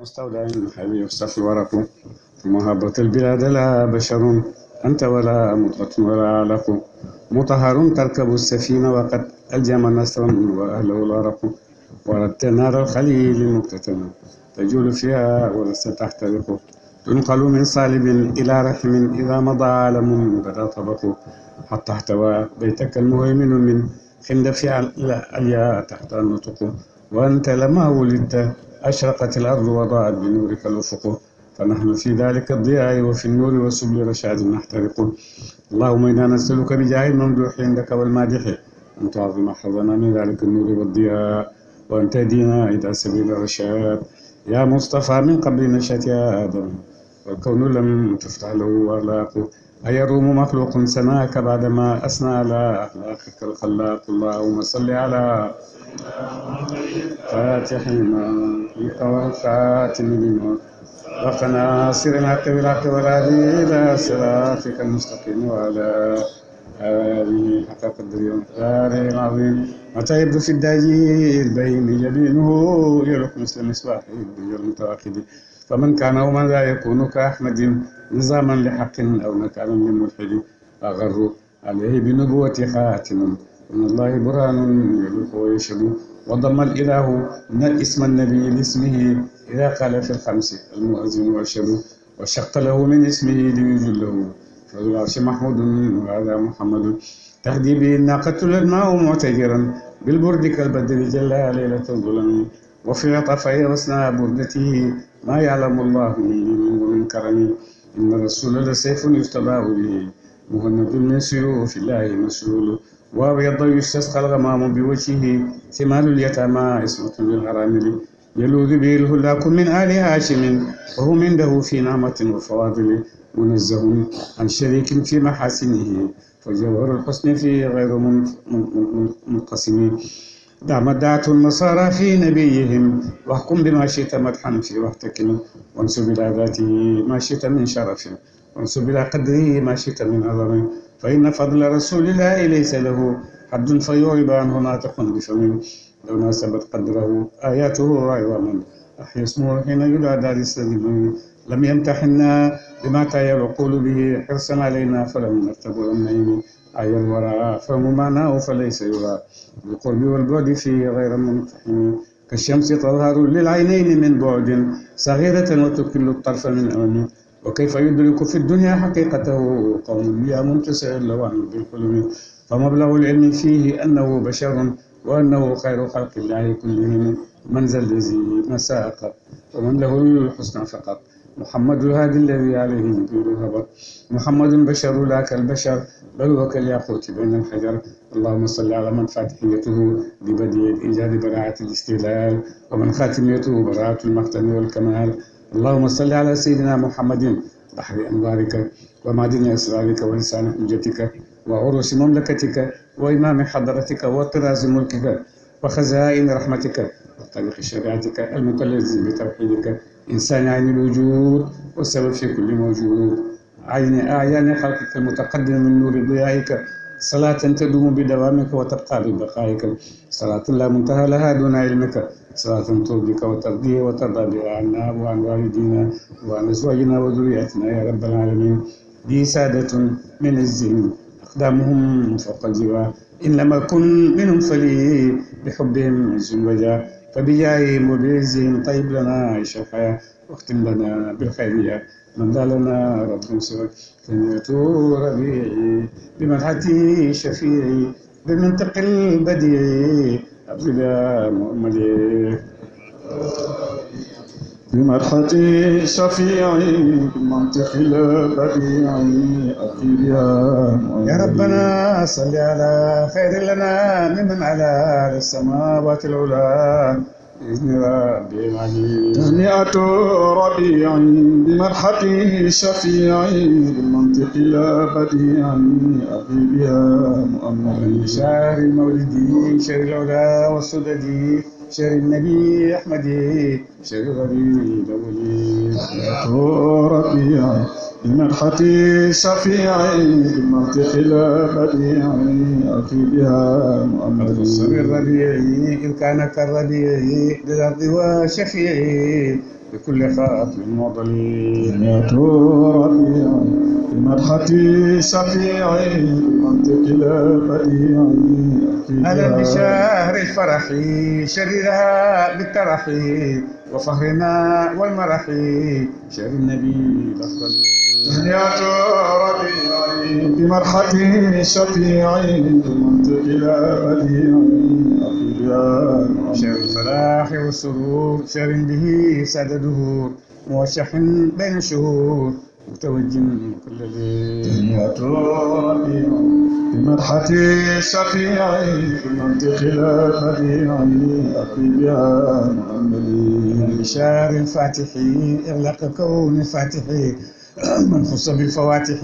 مستودع الحبيب الصف الورق محبة البلاد لا بشر أنت ولا مضغة ولا علق مطهر تركب السفينة وقد ألجم نسرا وأهله الورق وردت نار الخليل المكتتمة تجول فيها ولست تحترق تنقل من صالب إلى رحم إذا مضى لم بدا طبق حتى احتوى بيتك المهيمن من خندفها الأليا تحت النطق وأنت لما ولدت أشرقت الأرض وضاءت بنورك الأفق فنحن في ذلك الضياء وفي النور وسبل رشاد نحترق اللهم إنا نسألك بجاه الممدوح عندك والمادح أن تعظم حظنا من ذلك النور والضياء وأن تهدينا إلى سبيل الرشاد يا مصطفى من قبل نشأة آدم والكون لم تفتح له أغلاقه أيروم مخلوق سناك بعدما أثنى على أخلاقك الخلاق اللهم صل على فاتح لما يطور خاتم لما وقنا سر الحق بالحق والهدي الى صراطك المستقيم وعلى هذه حق قدر ومقداره العظيم متى يبدو في الدجيل بين جبينه يلوح مثل مصباح الدجيل المتواقد فمن كان او من لا يكون كاحمد نظاما لحق او نكالا للملحد اغر عليه بنبوه خاتم من الله برهان يدرك ويشهد وضم الإله من اسم النبي لاسمه إذا قال في الخمس المؤذن والشهد وشق له من اسمه ليوجد له فذو العرش محمود وهذا محمد تهدي به الناقة الماء معتجرا بالبرد كالبدر جلى ليلة الظلم وفي طفي وسنى بردته ما يعلم الله من ومن كرم إن الرسول لسيف يستباع به مهند من سيوف الله مسلول وأبيض يستسقى الغمام بوجهه ثمال اليتامى اسمة للغرامل يلوذ به الهلاك من آل هاشم وهم عنده في نعمة وفواضل منزه عن شريك في محاسنه فجوهر الحسن فيه غير منقسم دع مدعة النصارى في نبيهم واحكم بما شئت مدحا في واحتكم وانسب إلى ذاته ما شئت من شرف وانسب إلى قدره ما شئت من عظم fa inna fadla rasulillahi laysa lahu haddun fa yuridu anhu naatiqun bi famin law nasabat qadrahu ayatuhu raywaman أحيى اسمه حين يدعى دار السليم لم يمتحنا بمتى يعقول به حرصا علينا فلم نرتب النعيم أي الورى فهم معناه فليس يرى بالقرب والبعد فيه غير ممتحن كالشمس تظهر للعينين من بعد صغيرة وتكل الطرف من أمن wa kayfa yudriku fi dunya xaqiqatahu qawmun yaamun tasa'alu anhu bil qulubi fa mablagu l-ilmi fihi annahu basharun wa annahu xayru xalqi llahi kullihim man za llazi masaaqa wa man lahu l-husna faqat muhammadul haadi llazi alayhi nuurun habat muhammadun basharun laa kal-bashar bal huwa kal-yaaquuti bayna l-hajar allahumma salli ala man faatihiyatuhu bi badii l-ijaadi baraa'atu l-istidlaal wa man xaatimiyatuhu baraa'atu l-maqtami wal-kamaal allahuma salli ala sayidina muhammadin bahri anwarika wa madini asrarika wa lisani hujjatika wa urusi mamlakatika wa imami hadratika wa tirazi mulkika wa khazain rahmatika wa tariqi shariatika almutalazi bitawhidika insani ayni lwujud wa sabab fi kulli mawjud ayni ayani khalqika almutaqaddimi min nuri ضيائك صلاة تدوم بدوامك وتبقى ببقائك صلاة لا منتهى لها دون علمك صلاة ترضيك وترضيه وترضى بها عنا وعن والدينا وعن أزواجنا وذرياتنا يا رب العالمين بي سادة من الزين أقدامهم فوق الجبال إن لم أكن منهم فلي بحبهم عز وجاه فبجاههم وبعزهم طيب لنا شفاء واختم لنا بالخيرية من لنا رب سواك ثنية ربيعي بمنحتي شفيعي بمنطق البديع أبدا محمد بمدحتي شفيعي بمنطق البديع أخير يا ربنا صل على خير لنا ممن على السماوات العلى تهنئة ربيع بمرحة شفيع بالمنطق لا بديع أخي بها مؤمل شهر مولدي شهر العلا والسددي شر النبي أحمدي شر غريب ولي ربيع إمام خطي شفيعي إمام خلاف بديعي أتي بها محمد الربيعي إن كان كالربيعي للأرض وشفيعي بكل خاطر وضليل ربيع بمدحتي شفيعي منطق لا بديع أنا بشهر الفرح شررها بالترح وفخرنا والمرح شهر النبي الأفضل تهنئة ربيعي بمرحتي شفيعي منطق لا بديع شر الفلاح والسرور شر به سدده موشح بين الشهور متوج كل ذي وترابي بمدحة الشفيع بمنطق البديع أقي بها محمدي بشار الفاتح إغلاق كون الفاتح من خص بالفواتح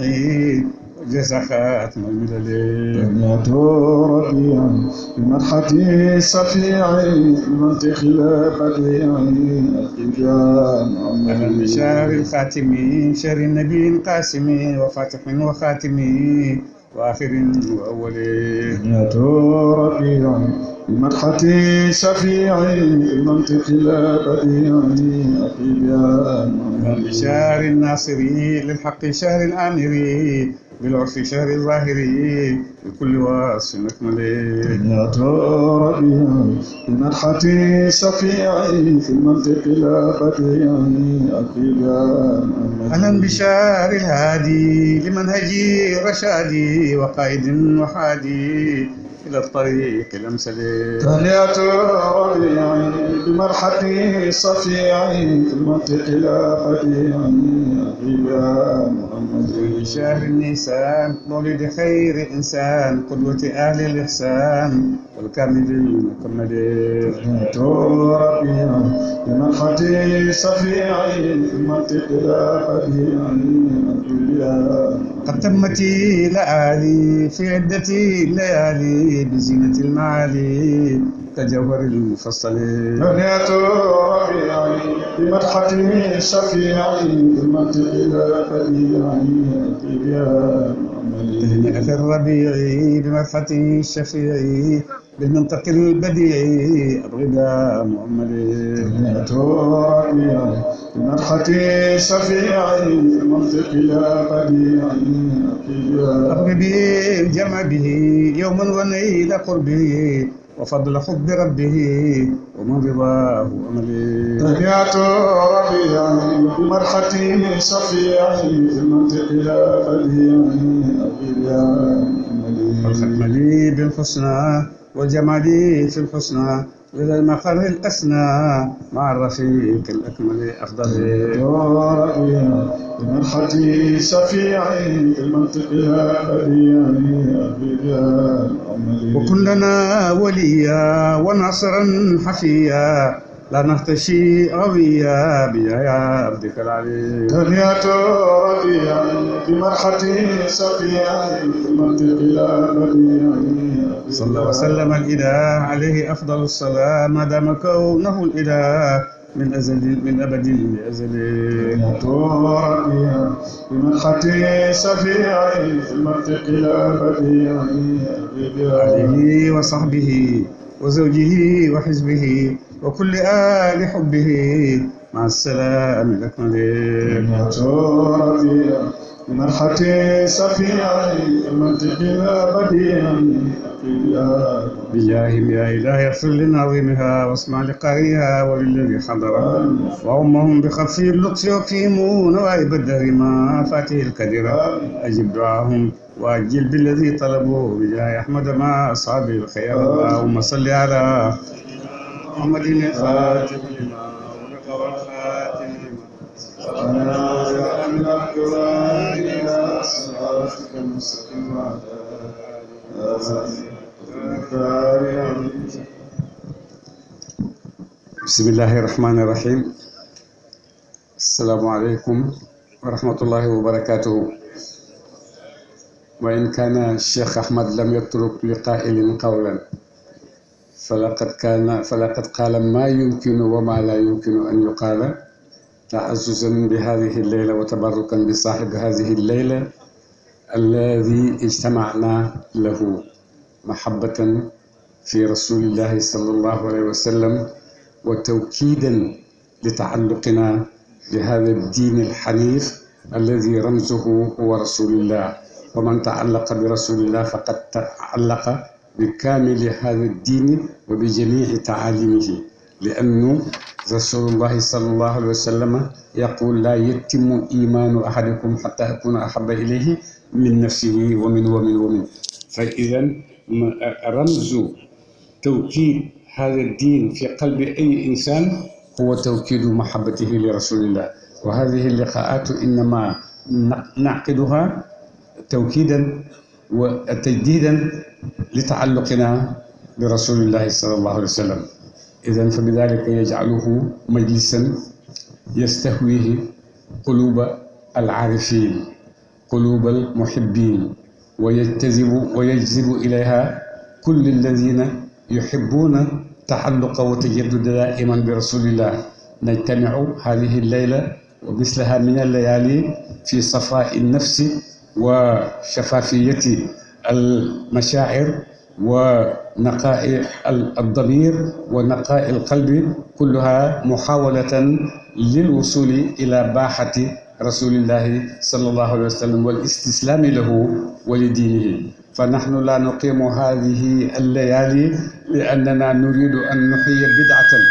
لزخات من الليل ربيع بمدحتي صفيعي منطق بديعي من شهر الخاتمي شهر النبي قاسمي وفاتح وخاتمي واخر واولي يا ربيع بمدحتي شفيعي المنطق لا بديعي أخي يا بشار الناصري للحق شهر الآمري بالارتشار الظاهري لكل واس مكملي يا ترى بمدحتي صفيعي في المنطق لا بديعي أكيدا أنا بشار الهادي لمنهجي رشادي وقائد وحادي إلى الطريق الأمثل ثانية ربيعي بمرحتي صفيعي في المنطق لا بديعي يا محمد شهر النيسان مولد خير إنسان قدوة أهل الإحسان والكاملين محمد ثانية ربيعي بمرحتي صفيعي في المنطق لا بديعي يا قد تمتي لآلي في عدتي ليالي بزينة المعالي كجوهر المفصل هنيت ربيعي بمدحتي شفيعي بالمنطق لا فريعي تهنئة الربيع بمدحتي شفيعي لننتقل بديع الرداء محمد بمدحة شفيعي منتقلا بديعي أقربي جمده يوما ونيل قربه وفضل حب ربه ومن رضاه أملي تهيات ربيعي بمرحتي شفيعي منتقلا بديعي أقربي الختم لي بالحسنى والجمالية الحسنى إلى المخر الأسنى مع الرفيق الأكمل أفضل رأيا بمنحتي شفيعي المنطق يا بديعي وكن لنا وليا ونصرا حفيا لا نختشي غويا بيا عبدك العلي دنيا ربيعي بمرحتي سفيعي المنطق يا بديعي صلى الله وسلم الإله عليه أفضل الصلاة ما دام كونه الإله من أزل من أبد لأزل مطورا بمن خطي شفيعي في المنطق لا بديع عليه وصحبه وزوجه وحزبه وكل آل حبه مع السلام الأكمل مطورا مرحتي سفيعي منتقي بديعي بجاههم يا إلهي اغفر لناظمها واسمع لقارئها وللذي حضر وأمهم بخف اللطف يكرمون وعيب الدهر ما فاته الكدر أجب دعاهم وأجل بالذي طلبوه بجاه أحمد مع أصحاب الخير اللهم صل على محمد الفاتح لما ولقى والخاتم لما صراطك المستقيم وعلى آله بسم الله الرحمن الرحيم السلام عليكم ورحمة الله وبركاته وإن كان الشيخ أحمد لم يترك لقائل قولا فلقد كان فلقد قال ما يمكن وما لا يمكن أن يقال تعززا بهذه الليلة وتبركا بصاحب هذه الليلة alladi ijtamana lahu mahabatan fi rasulillahi sallallahu alayhi wa sallam wa tawkidan litaalluqina bihada ad-din al-hanif alladi ramzuhu huwa rasulillah wa man taallaqa bi rasulillah faqad taallaqa بكامل هذا الدين وبجميع تعاليمه لأن رسول الله صلى الله عليه وسلم يقول لا يتم إيمان أحدكم حتى أكون أحب إليه من نفسه ومن ومن ومن فإذا رمز توكيد هذا الدين في قلب أي إنسان هو توكيد محبته لرسول الله وهذه اللقاءات إنما نعقدها توكيدا وتجديدا لتعلقنا برسول الله صلى الله عليه وسلم إذا فبذلك يجعله مجلسا يستهويه قلوب العارفين quluubal muhibbiin wa yajtazibu wa yajzibu ilayha kulli alladiina yuhibbuuna taxalluqa wa tajadduda daa'iman bi rasulillah najtamicu haadihi leyla wa mislaha min allayaali fi safaa'i nafsi wa shafaafiyati almashaacir ونقاء الضمير ونقاء القلب كلها محاولة للوصول إلى باحة rasulillahi sallallahu alayhi wa sallam wal istislaami lahu wa li diinihi fa nahnu laa nuqiimu haadihi al-layaali li annanaa nuriidu an nuxyiya bid'atan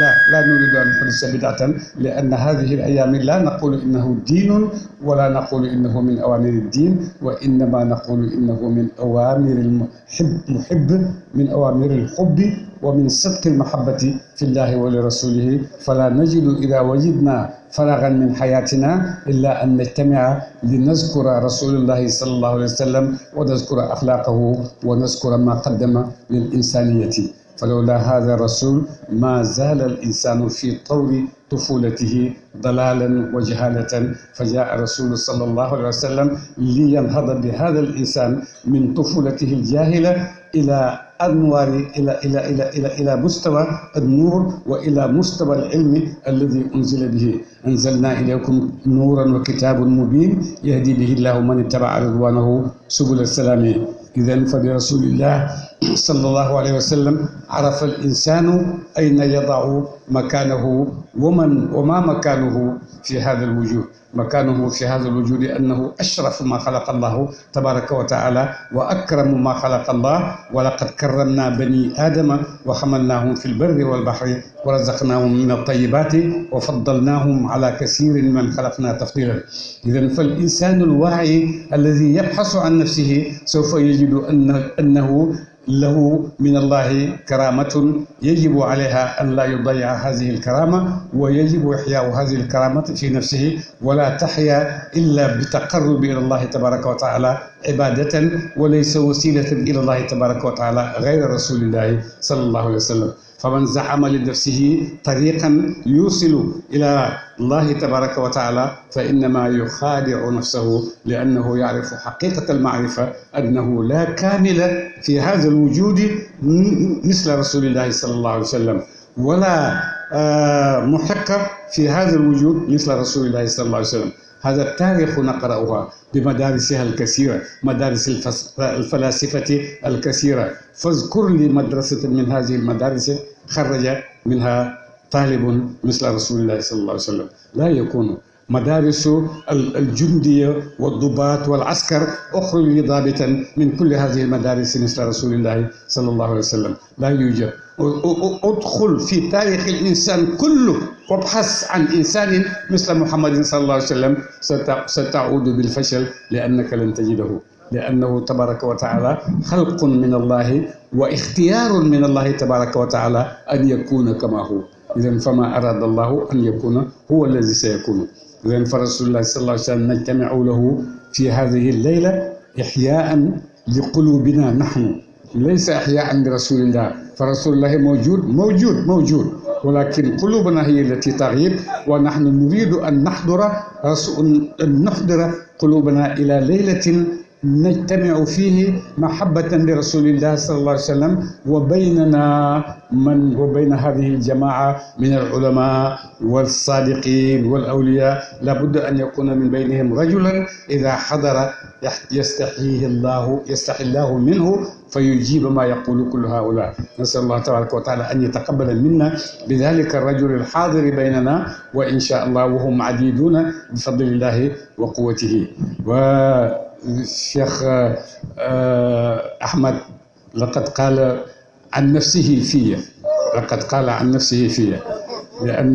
laa laa nuriidu an nuhdisa bid'atan li anna haadihi al-ayaami laa naquulu innahu diinun wa laa naquulu innahu min awaamiri d-diin wa innamaa naquulu innahu min awaamiri l-muhibbi min awaamiri l-hubbi wa min sidqi l-mahabbati fi llaahi wa li rasuulihi falaa najidu idaa wajadnaa فراغا من حياتنا إلا أن نجتمع لنذكر رسول الله صلى الله عليه وسلم ونذكر أخلاقه ونذكر ما قدم للإنسانية فلولا هذا الرسول ما زال الإنسان في طور طفولته ضلالا وجهالة فجاء الرسول صلى الله عليه وسلم لينهض بهذا الإنسان من طفولته الجاهلة إلى أنوار إلى إلى إلى إلى إلى مستوى النور وإلى مستوى العلم الذي أنزل به أنزلنا إليكم نورا وكتاب مبين يهدي به الله من اتبع رضوانه سبل السلام إذا فبرسول الله sallallahu alayhi wa sallam arafa al insanu ayna yadau makanahu waman wa ma makanuhu fi hada al wujud مكانه في هذا الوجود أنه أشرف ما خلق الله تبارك وتعالى وأكرم ما خلق الله ولقد كرمنا بني آدم وحملناهم في البر والبحر ورزقناهم من الطيبات وفضلناهم على كثير من خلقنا تفضيلا إذا فالإنسان الواعي الذي يبحث عن نفسه سوف يجد أنه له من الله كرامة يجب عليها أن لا يضيع هذه الكرامة ويجب إحياء هذه الكرامة في نفسه ولا تحيا إلا بالتقرب إلى الله تبارك وتعالى عبادة وليس وسيلة إلى الله تبارك وتعالى غير رسول الله صلى الله عليه وسلم faman zaxama li nafsihi tariqan yusilu ila allahi tabaraka wa taala fa innama yuxaadicu nafsahu li annahu yacrifu xaqiqata almacrifa annahu la kaamila fi hada alwujudi misla rasulillahi sal allahu alayhi wa sallam wala muxiqa fi hada alwujud misla rasulillahi sal allahu alayhi wa sallam هذا التاريخ نقرأها بمدارسها الكثيرة مدارس الفلاسفة الكثيرة فاذكر لي مدرسة من هذه المدارس خرج منها طالب مثل رسول الله صلى الله عليه وسلم لا يكون مدارس الجندية والضباط والعسكر أخرج ضابطا من كل هذه المدارس مثل رسول الله صلى الله عليه وسلم لا يوجد ادخل في تاريخ الإنسان كله وابحث عن إنسان مثل محمد صلى الله عليه وسلم ستعود بالفشل لأنك لن تجده لأنه تبارك وتعالى خلق من الله واختيار من الله تبارك وتعالى أن يكون كما هو إذا فما أراد الله أن يكون هو الذي سيكون وين فرسول الله صلى الله عليه وسلم نجتمع له في هذه الليلة إحياء لقلوبنا نحن ليس إحياء برسول الله فرسول الله موجود موجود موجود ولكن قلوبنا هي التي تغيب ونحن نريد أن نحضر أن نحضر قلوبنا إلى ليلة نجتمع فيه محبة لرسول الله صلى الله عليه وسلم وبيننا من وبين هذه الجماعة من العلماء والصادقين والأولياء لابد أن يكون من بينهم رجلا إذا حضر يستحييه الله يستحي الله منه فيجيب ما يقول كل هؤلاء نسأل الله تبارك وتعالى أن يتقبل منا بذلك الرجل الحاضر بيننا وإن شاء الله وهم عديدون بفضل الله وقوته و Cheikh Ahmad laqad qaala an nafsihi fiya laqad qaala an nafsihi fiya لأن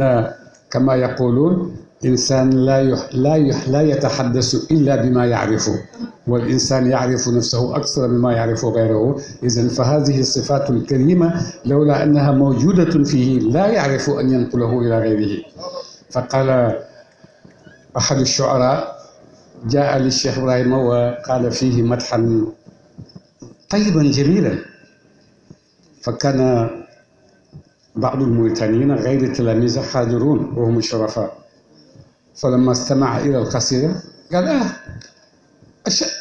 كما يقولون إنسان لا يح لا يح لا يتحدث إلا بما يعرفه والإنسان يعرف نفسه أكثر مما يعرف غيره إذا فهذه الصفات الكريمة لولا أنها موجودة فيه لا يعرف أن ينقله إلى غيره فقال أحد الشعراء jaa li Cheikh Ibrahima wa qaala fiihi madhan tayiban jamilan fa kaana بعض الموريتانيين غير التلاميذ حاضرون وهم شرفاء فلما استمع إلى القصيدة قال آه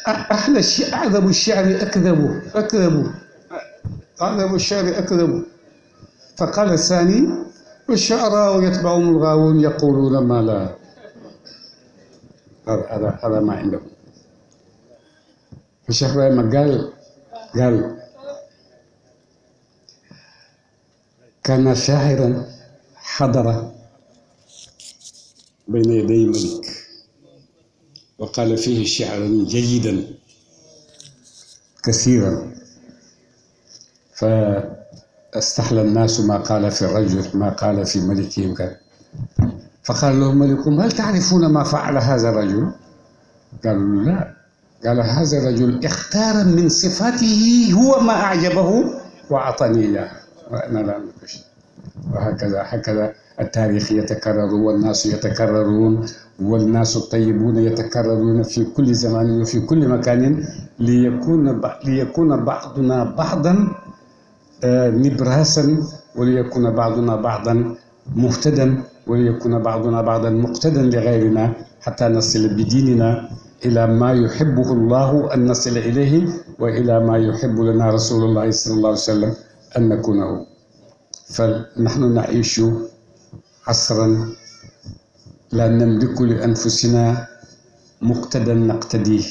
أحلى الشيء أعذب الشعر أكذبه أكذبه أعذب الشعر أكذبه فقال الثاني والشعراء يتبعهم الغاوون يقولون ما لا على على ما عندهم فالشيخ إبراهيم قال قال كان شاعرا حضر بين يدي الملك وقال فيه شعرا جيدا كثيرا فاستحلى الناس ما قال في الرجل ما قال في ملكهم كان فقال له ملكهم هل تعرفون ما فعل هذا الرجل قالوا له لا قال هذا الرجل اختار من صفاته هو ما أعجبه وأعطاني إياها وأنا لا أناقش وهكذا هكذا التاريخ يتكرر والناس يتكررون والناس الطيبون يتكررون في كل زمان وفي كل مكان ليكون ليكون بعضنا بعضا نبراسا وليكون بعضنا بعضا مهتدا wala yakuna baaduna baadan muqtadan li gayrina xata nasila bi diinina ila ma yuxibuhu llahu an nasila ilayhi wa ila ma yuxibu lana rasulullahi sal allahu alayhi wa sallam an nakunahu fa naxnu naishu asran la namliku li anfusina muqtadan naqtadih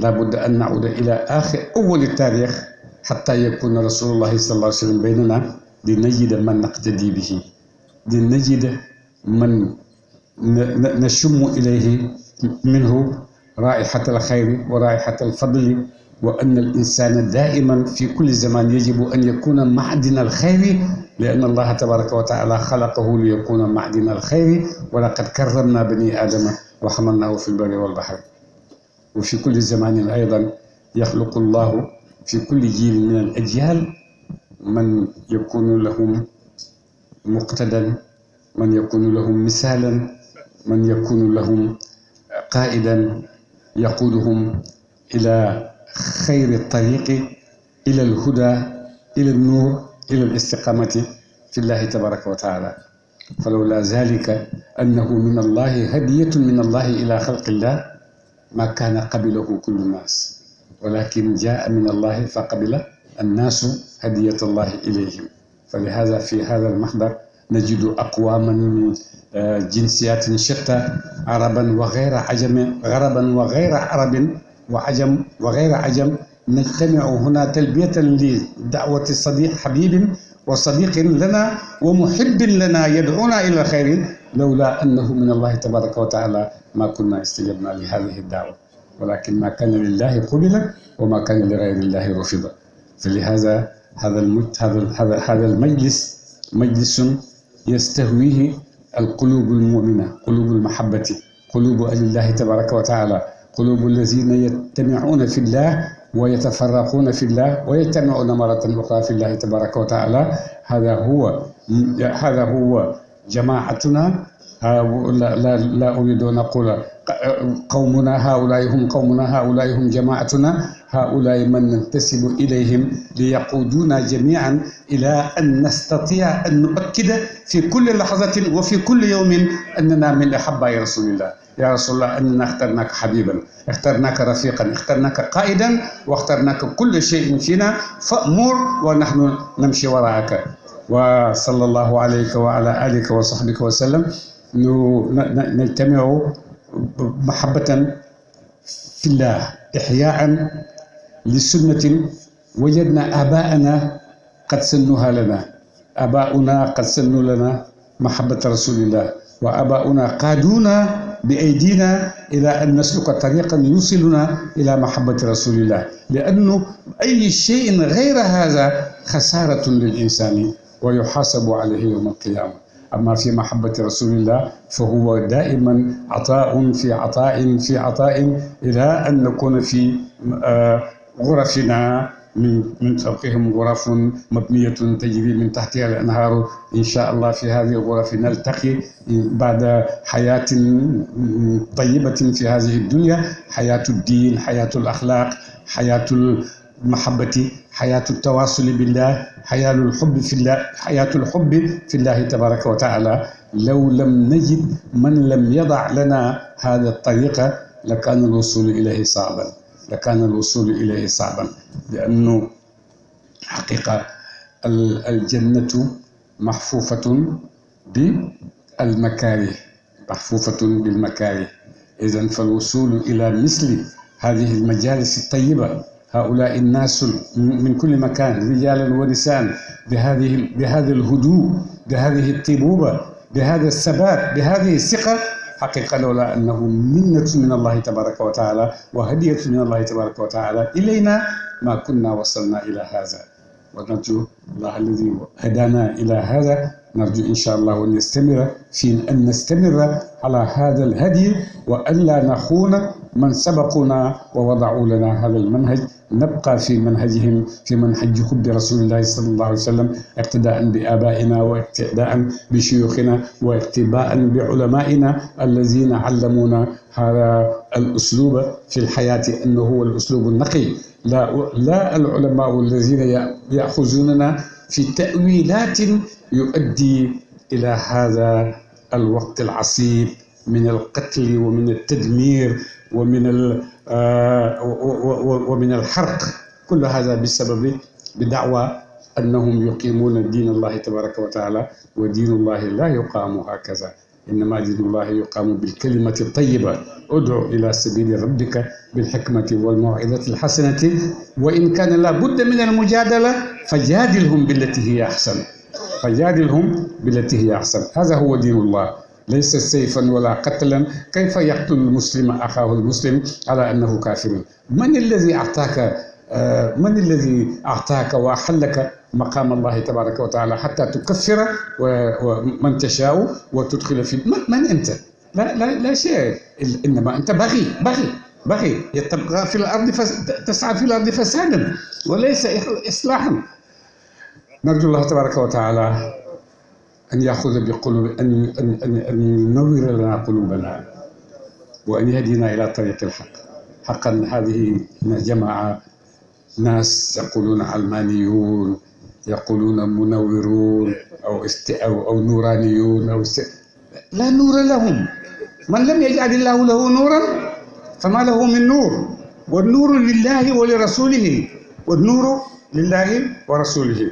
la budda an nauda ila axir awali taarix xata yakuna rasulullahi sal allahu alayhi wa sallam baynana linayida man naqtadi bihi لنجد من نشم إليه منه رائحة الخير ورائحة الفضل وأن الإنسان دائما في كل زمان يجب أن يكون معدن الخير لأن الله تبارك وتعالى خلقه ليكون معدن الخير ولقد كرمنا بني آدم وحملناه في البر والبحر وفي كل زمان أيضا يخلق الله في كل جيل من الأجيال من يكون لهم muqtadan man yakunu lahum misaalan man yakunu lahum qaa'idan yaquuduhum ila xayri tariqi ila alhuda ila alnuur ila alistiqaamati fi llahi tabaraka wa taala falawla zalika annahu min allahi hadiyatun min allahi ila xalqillah ma kaana qabilahu kullu naas walakin jaa min allahi fa qabila annaasu hadiyata allahi ilayhim فلهذا في هذا المحضر نجد أقواما جنسيات شتى عربا وغير عجم غربا وغير عرب وعجم وغير عجم نجتمع هنا تلبية لدعوة الصديق حبيب وصديق لنا ومحب لنا يدعونا إلى الخير لولا أنه من الله تبارك وتعالى ما كنا استجبنا لهذه الدعوة ولكن ما كان لله قبل وما كان لغير الله رفض فلهذا هذا المجلس مجلس يستهويه القلوب المؤمنة قلوب المحبة قلوب أهل الله تبارك وتعالى قلوب الذين يجتمعون في الله ويتفرقون في الله ويجتمعون مرة أخرى في الله تبارك وتعالى هذا هو هذا هو جماعتنا لا, لا, لا أريد أن أقول قومنا هؤلاء هم قومنا هؤلاء هم جماعتنا هؤلاء من ننتسب إليهم ليقودونا جميعا إلى أن نستطيع أن نؤكد في كل لحظة وفي كل يوم أننا من أحباء رسول الله يا رسول الله أننا اخترناك حبيبا اخترناك رفيقا اخترناك قائدا واخترناك كل شيء فينا فأمر ونحن نمشي وراءك وصلى الله عليك وعلى آلك وصحبك وسلم نجتمع محبة في الله إحياء li sunnatin wajadna abaana qad sannuha lana abauna qad sannu lana mahabbata rasulillah wa abauna qaaduna بأيدينا إلى أن نسلك طريقا يوصلنا إلى محبة رسول الله لأنه أي شيء غير هذا خسارة للإنسان ويحاسب عليه يوم القيامة أما في محبة رسول الله فهو دائما عطاء في عطاء في عطاء إلى أن نكون في غرفنا من من فوقهم غرف مبنية تجري من تحتها الأنهار إن شاء الله في هذه الغرف نلتقي بعد حياة طيبة في هذه الدنيا حياة الدين حياة الأخلاق حياة المحبة حياة التواصل بالله حياة الحب في الله حياة الحب في الله تبارك وتعالى لو لم نجد من لم يضع لنا هذا الطريق لكان الوصول إليه صعبا لكان الوصول إليه صعبا لأنه حقيقة الجنة محفوفة بالمكاره محفوفة بالمكاره إذا فالوصول إلى مثل هذه المجالس الطيبة هؤلاء الناس من كل مكان رجالا ونساء بهذه بهذا الهدوء بهذه الطيبوبة بهذا الثبات بهذه الثقة xaqiqat loola annahu minnatu min allahi tabaraka wa taala wa hadiyatu min allahi tabaraka wa taala ilayna ma kunna wasalna ila hada wa narju allah alladi hadana ila hada نرجو إن شاء الله أن نستمر في أن نستمر على هذا الهدي وألا نخون من سبقونا ووضعوا لنا هذا المنهج نبقى في منهجهم في منهج حب رسول الله صلى الله عليه وسلم اقتداء بآبائنا واقتداء بشيوخنا واقتباء بعلمائنا الذين علمونا هذا الأسلوب في الحياة أنه هو الأسلوب النقي لا, لا العلماء الذين يأخذوننا في تأويلات يؤدي إلى هذا الوقت العصيب من القتل ومن التدمير wa min al uh, wa min al xarq kullu hada bi sababi bi daawa annahum yuqimuuna diin allahi tabaraka wa taala wa diinu allahi laa yuqaamu hakaza innama diinu allahi yuqaamu bilkalimati tayiba udcu ila sabili rabbika bilxikmati walmawcidati alxasanati wa in kaana laa budda min almujadala fajaadilhum billati hiya axsan fajaadilhum billati hiya axsan hada huwa diinu allah laysa sayfan wala qatlan kayfa yaqtulu lmuslima axaahu lmuslim ala annahu kafirun man alladi ataaka euh, man alladi ataaka wa axallaka maqaama allahi tabaraka wa taala xata tukaffira man tashaau wa tudxila fi man anta la la la shay innama anta baxi baxi baxi tabqa fi lardi tasca fi lardi fasadan wa laysa islaaxan narju allah tabaraka wa taala أن يأخذ بقلوب أن أن أن ينور لنا قلوبنا وأن يهدينا إلى طريق الحق حقا هذه جمع ناس يقولون علمانيون يقولون منورون أو است أو أو نورانيون أو است... لا نور لهم من لم يجعل الله له نورا فما له من نور والنور لله ولرسوله والنور لله ورسوله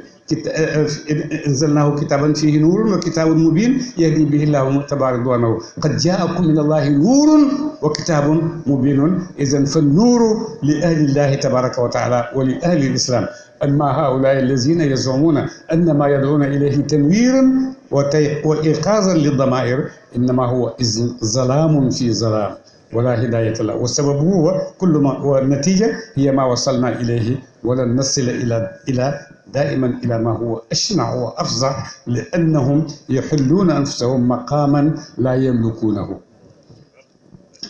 anzalnaahu kitaaban fiihi nuurun wa kitaabun mubiin yahdii bihi llaahu tabaaraka ridwaanahu qad jaakum min allaahi nuurun wa kitaabun mubiinun idan fa nuuru li ahli llaahi tabaaraka wa taala wa li ahli l-islaam ammaa haa'ulaa'i allaziina yazuumuuna annamaa yad'uuna ilayhi tanwiiran wa iiqaazan lid-damaa'ir innamaa huwa zalaamun fii zalaam wa laa hidaayata lahu wa sababu huwa kullu ma wa natiija hiya maa wasalnaa ilayhi ولن نصل إلى إلى دائما إلى ما هو أشنع وأفظع لأنهم يحلون أنفسهم مقاما لا يملكونه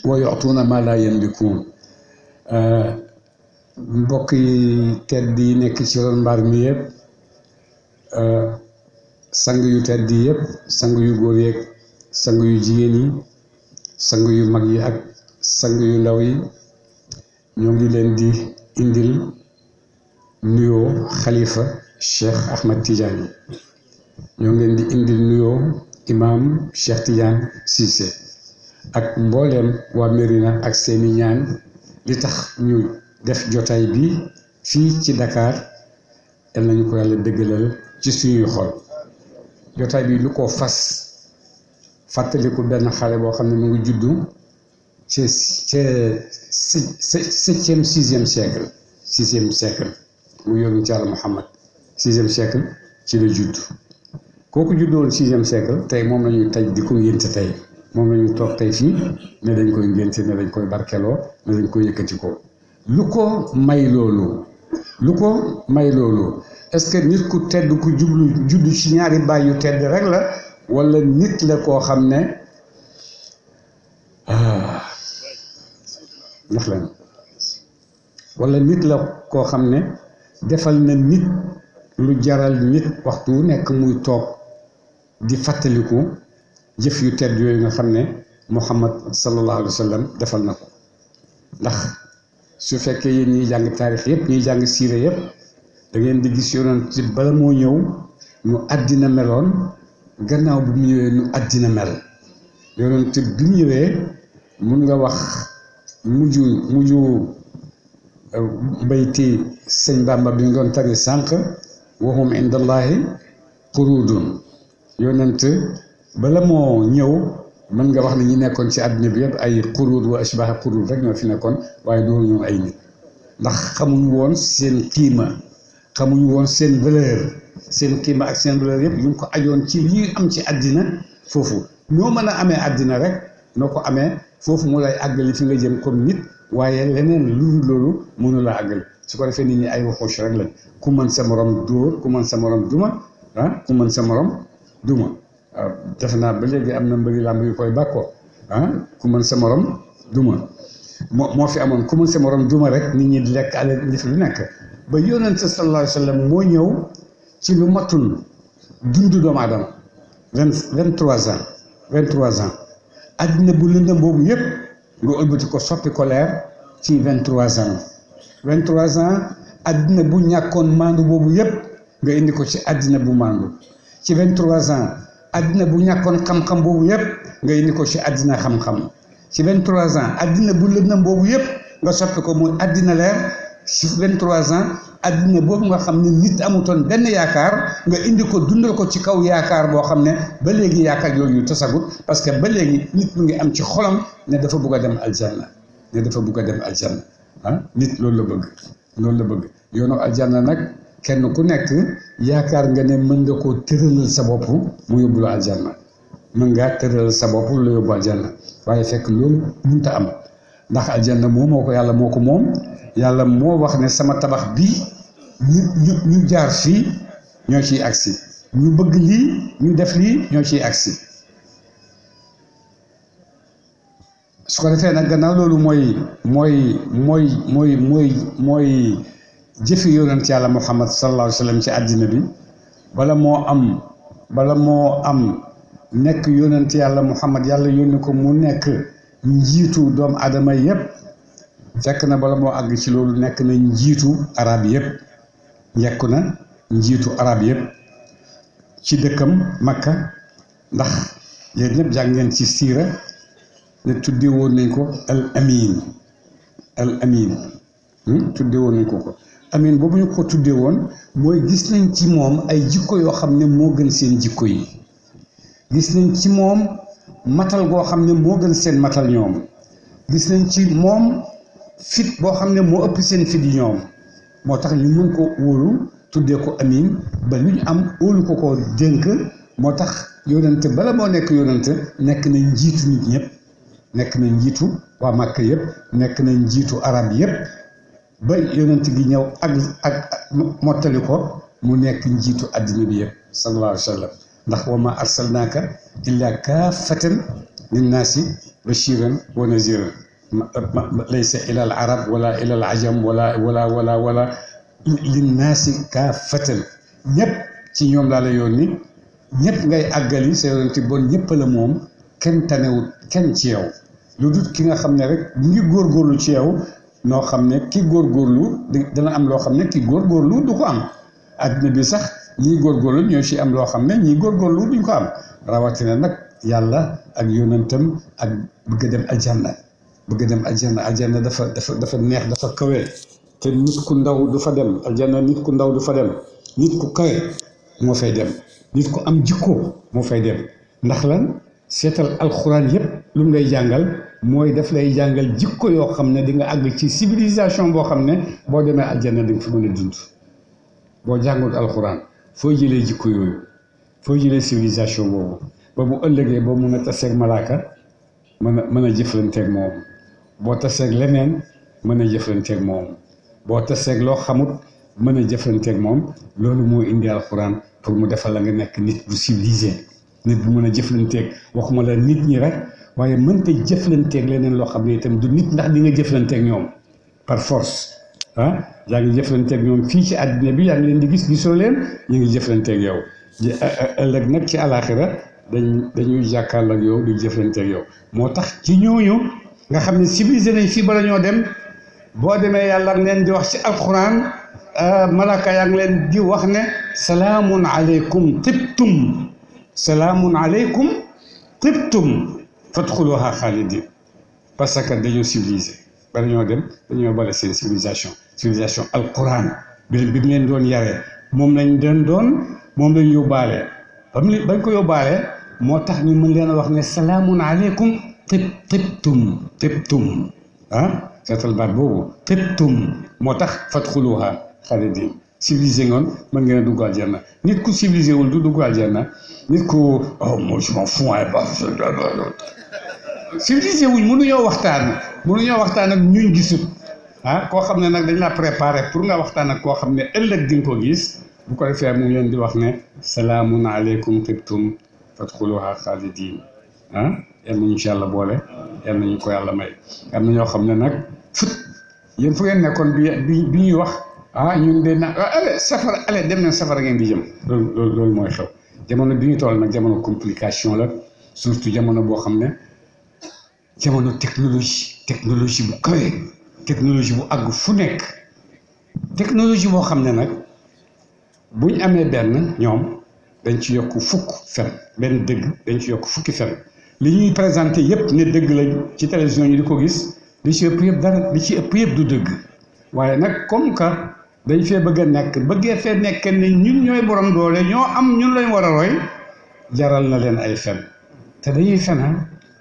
ويعطون ما لا يملكون mbokk yi tedd yi nekk ci ron mbaar mi yëpp sang yu tedd yi yëpp sang yu góor yeeg sang yu jigéen yi sang yu mag yi ak sang yu ndaw yi ñoo ngi leen di indil nuyoo xalifa cheikh Ahmed Tidiane ñoo ngi leen di indil nuyoo imaam cheikh Tidiane Cissé ak mbooleem waa Mérina ak seeni ñaan li tax ñu def jotaay bi fii ci Dakar yal nañu ko yàlla dëggalal ci suñuy xol jotaay bi lu ko fas fàttaliku benn xale boo xam ne mu ngi juddu ci ci septième sixième siècle sixième siècle mu yónni ci yàlla Muhammad sixième siècle ci la judd kooku juddoon sixième siècle tey moom la ñuy taj di ko ngénte tey moom la ñuy toog tey fii ne dañ koy ngénte ne dañ koy barkeloo ne dañ koy yëkkati lu ko may loolu lu ko may loolu est-ce que nit ku tedd ku jublu juddu ci ñaari baay yu tedd rek la walla nit la koo xam ne ah, ndax lan walla nit la koo xam ne defal na nit lu jaral nit waxtu wu nekk muy toog di fàttaliku jëf yu tedd yooyu nga xam ne muhammad sallallahu alayhi wa sallam defal na ko ndax su fekkee yéen ñiy jàng taarix yëpp ñuy jàng siire yëpp dangeen di gis yonent ci bala moo ñëw nu àddina meloon gannaaw bu mu ñëwee nu àddina mel yonent bi mu ñëwee mun nga wax mujju mujju Euh, ti sëñ Bàmba bi ñu doon tari sànq wahum indallahi qurudun yonent bala moo ñëw mën nga wax ne ñi nekkoon ci àdduna bi yëpp ay qurud wa ashbaha qurud rek ñoo fi nekkoon waaye doo ñoom ay nit ndax xamuñu woon seen qiima xamuñu woon seen valeur seen qiima ak seen valeur yëpp ñu ngi ko ajoon ci li am ci àddina foofu noo mën a amee àddina rek noo ko amee foofu mu lay àggali fi nga jëm kon nit waaye leneen lu loolu mënu la àggale su ko defee nit ñi ay waxuus rek lañ ku mën sa morom dóor ku mën sa morom duma ah ku mën sa morom duma ah, defe naa ba léegi am na mbëri làmb yu koy bàkkoo ah ku mën sa morom duma moo moo fi amoon ku mën sa morom duma rek nit ñi di lekk ale li fi lu nekk ba yonent sallallahu sa wa sallam moo ñëw ci lu matul dundu doomu aadama vingt vingt trois ans vingt trois ans àddina bu lëndëm boobu yëpp. nga ëlbati ko soppi ko leer ci vingt trois ans vingt trois ans àddina bu ñàkkoon maandu boobu yëpp nga indi ko ci addina bu maandu ci vingt trois ans addina bu ñàkkoon xam-xam boobu yëpp nga indi ko ci addina xam-xam ci vingt trois ans àddina bu lëndëm boobu yëpp nga soppi ko muy àddina leer si 23 ans adduna boobu nga xam ne nit amutoon benn yaakaar nga indi ko dundal ko ci kaw yaakaar boo xam ne ba léegi yaakaar yooyu tasagut parce que ba léegi nit mu ngi am ci xolam ne dafa bugg a dem aljanna ne dafa bugg a dem aljanna ah nit loolu la bëgg loolu la bëgg yoonu aljanna nag kenn ku nekk yaakaar nga ne mën nga koo tëralal sa bopp mu yóbbu la aljanna mën ngaa tëralal sa bopp lu yóbbu aljanna waaye fekk loolu mënut a am ndax aljanna ko yàlla moo ko moom. yàlla moo wax ne sama tabax bi ñu jaar fii ñoo ciy agsi ñu bëgg lii ñu def lii ñoo ciy agsi su ko defee nag gannaaw loolu mooy mooy mooy mooy mooy mooy jëfi yonent yàlla muhammad sallallahu alayhi wa sallam ci àddina bi bala moo am bala moo am nekk yonent yàlla muhammad yàlla yónni ko mu nekk njiitu doomu aadama yépp jàkk na bala moo àgg ci loolu nekk na njiitu arab yëpp yekku na njiitu arab yëpp ci dëkkam makka ndax yéen ñëpp jàngeen ngeen ci siira ne tudde woon nañ ko al amin al amin hmm? tudde woon nañ ko ko amin boobu ñu ko tuddee woon mooy gis nañ ci moom ay jikko yoo xam ne moo gën seen jikko yi gis nañ ci moom matal goo xam ne moo gën seen matal ñoom gis nañ ci moom fit boo xam ne moo ëpp seen fit yi ñoom moo tax ñu mun ko wóolu tuddee ko amin ba lu ñu am wóolu ko ko dénk moo tax yónnante bala moo nekk yónnante nekk na njiitu nit ñëpp nekk na njiitu waa Màkka yëpp nekk na njiitu arab yëpp ba yónnante gi ñëw ak mottali ko mu nekk njiitu àddina bi yëpp sallallahu alayhi wa sallam ndax wa ma arsalnaaka illa kaafatan linnaasi bashiran laysa ila al arab wala ila al wala wala wala wala wala linnaasi kaafatan ñëpp ci ñoom laa la yoon ni ñëpp ngay àggali sa yoonanti bon ñëpp la moom kenn tanewut kenn ci yow lu dut ki nga xam ne rek mu ngi góorgóorlu ci yow noo xam ne ki góorgóorlu dana am loo xam ne ki góorgóorlu du ko am àddina bi sax ñii góorgóorlu ñoo ci am loo xam ne ñii góorgóorlu duñ ko am rawatina nag yàlla ak yónnantam ak bëgg a dem aljanna bëgg dem aljanna aljanna dafa dafa dafa neex dafa kawe te nit ku ndaw du fa dem aljanna nit ku ndaw du fa dem nit ku kawe moo fay dem nit ku am jikko moo fay dem ndax lan seetal alxuraan yépp lu mu lay jàngal mooy daf lay jàngal jikko yoo xam ne di nga àgg ci civilisation boo xam ne boo demee aljanna di nga mën a dund boo jàngul alxuraan foo jëlee jikko yooyu foo jëlee civilisation boobu ba bu ëllëgee boo mën a taseeg malaaka mën a mën a jëflanteeg moom boo taseeg leneen mën a jëflanteeg moom boo taseeg loo xamut mën a jëflanteeg moom loolu moo indi alxuraan pour mu defal la nga nekk nit bu civilisé nit bu mën a jëflanteeg waxuma la nit ñi rek waaye mënta jëflanteeg leneen loo xam ne itam du nit ndax di nga jëflanteeg ñoom par force ah yaa ngi jëflanteeg ñoom fii ci àddina bi yaa ngi leen di gis gisoo leen ñu ngi jëflanteeg yow ëllëg nag ci alaaxira dañ dañuy jàkkaarloo ak yow di jëflanteeg yow moo tax ci nga xam ne civilisé nañ fii bala ñoo dem boo demee yàlla leen di wax si alquran euh, malaka yaa ngi leen di wax ne salaamun aleykum tibtum salaamun aleykum tibtum fadxuluha xaalidin parce que dañoo civilisé bala ñoo dem dañoo bale seen civilisation civilisation alquran bi bi mu leen doon yaree moom lañ leen doon moom lañ yóbbaale ba mu bañ ko yóbbaale moo tax ñu mën leen a wax ne salaamun aleykum tib tibtum tibtum ah seetal baat boobu tibtum moo tax fadxuluha xaalidin civilisé ngoon mën ngeen a dugg aljanna nit ku civilisé wul du dugg aljanna nit ku oh moi je m'en fous civilisé wuñ mënuñoo waxtaan mënuñoo waxtaan ak ñuñ gisut ah koo xam ne nag dañ la préparé pour nga waxtaan ak koo xam ne ëllëg di nga ko gis bu ko defee mu ngi leen di wax ne salaamun aleykum tibtum fadxuluha xaalidin ah yal nañu ci yàlla boole yal nañu ko yàlla may am na ñoo xam ne nag fut yéen fu ngeen nekkoon bi bi ñuy wax ah ñun de na ah, ale safara ale dem na safara ngeen di jëm loolu mooy xew jamono bi ñu toll nag jamono complication la surtout jamono boo xam ne jamono technologie technologie bu kawe technologie bu àgg fu nekk technologie boo xam ne nag buñ amee benn ñoom dañ ci yokk fukk fen benn dëgg dañ ci yokk fukki fen li ñuy présenté yépp ne dëgg la ci télévision yi di ko gis li ci ëpp yëpp dara li ci ëpp yëpp du dëgg waaye nag comme que dañ fee bëgg a nekk bëggee fee nekk ne ñun ñooy borom doole ñoo am ñun lañ war a roy jaral na leen ay fen te dañuy fena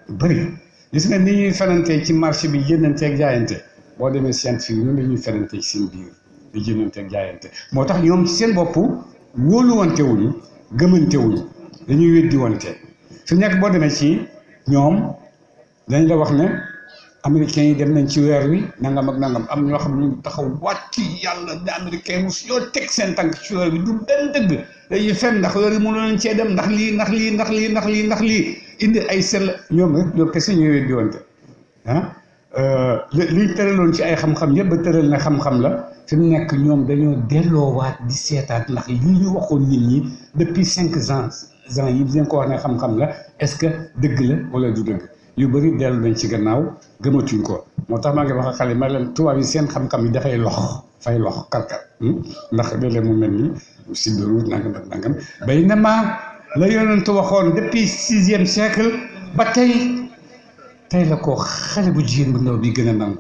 bëri gis nga ni ñuy fenante ci marché bi jëndanteeg jaayante boo demee scientifique ñun la ñuy fenante ci seen biir di jëndanteeg jaayante moo tax ñoom seen bopp wóoluwante wuñu gëmante wuñu dañuy weddi wante su nekk boo demee ci ñoom dañ la wax ne américains yi dem nañ ci weer wi nangam ak nangam am ñoo xam ñu taxaw wàcci yàlla ne américains mus yoo teg seen tànk ci weer wi du dëgg dañuy fen ndax weer yi mënoo cee dem ndax lii ndax lii ndax lii ndax lii ndax lii indi ay sell ñoom rek ñoom kese ñooy weddi wante ah euh, liñ tëraloon ci ay xam-xam tëral na xam la fi mu nekk ñoom dañoo delloowaat di seetaat ndax lii ñu waxoon nit ñi depuis cinq ans gens yi bi leen ko wax ne xam-xam la est-ce que dëgg la wala du dëgg yu bëri dellu nañ ci gannaaw gëmatuñ ko moo tax maa ngi wax ak xale ma leen tubaab yi seen xam-xam dafay lox fay lox karkar hmm? ndax léeg-léeg mu ni si dorout nangam bay na ma la yonent waxoon depuis sixième siècle ba tey tey la ko xale bu jigéen bu ndaw bi gën a nangu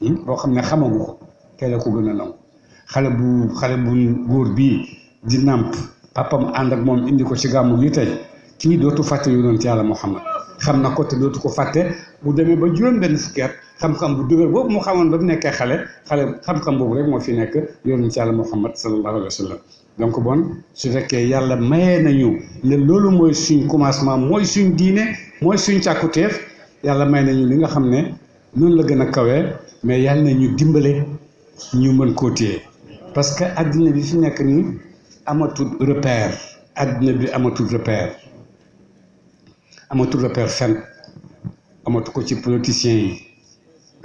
hmm? boo xam ne xamagu ko tey la ko gën a naw xale bu xale bu góor bii di nàmp papam ànd ak moom indi ko ci gàmmu gi tey kii dootu fàtte yonent yàlla Muhammad xam na ko te dootu ko fàtte bu demee ba juróom benn fukki at xam-xam bu dëgër boobu mu xamoon ba mu nekkee xale xale xam-xam boobu rek moo fi nekk yonent yàlla Muhammad sallallahu alayhi wa sallam donc bon su fekkee yàlla mayee nañu ne loolu mooy suñ commencement mooy suñ diine mooy suñ càkkuteef yàlla may nañu li nga xam ne noonu la gën a kawee mais yàlla na ñu dimbale ñu mën koo amatul repère àddina bi amatul repère amatul repère fenn amatu ko ci politiciens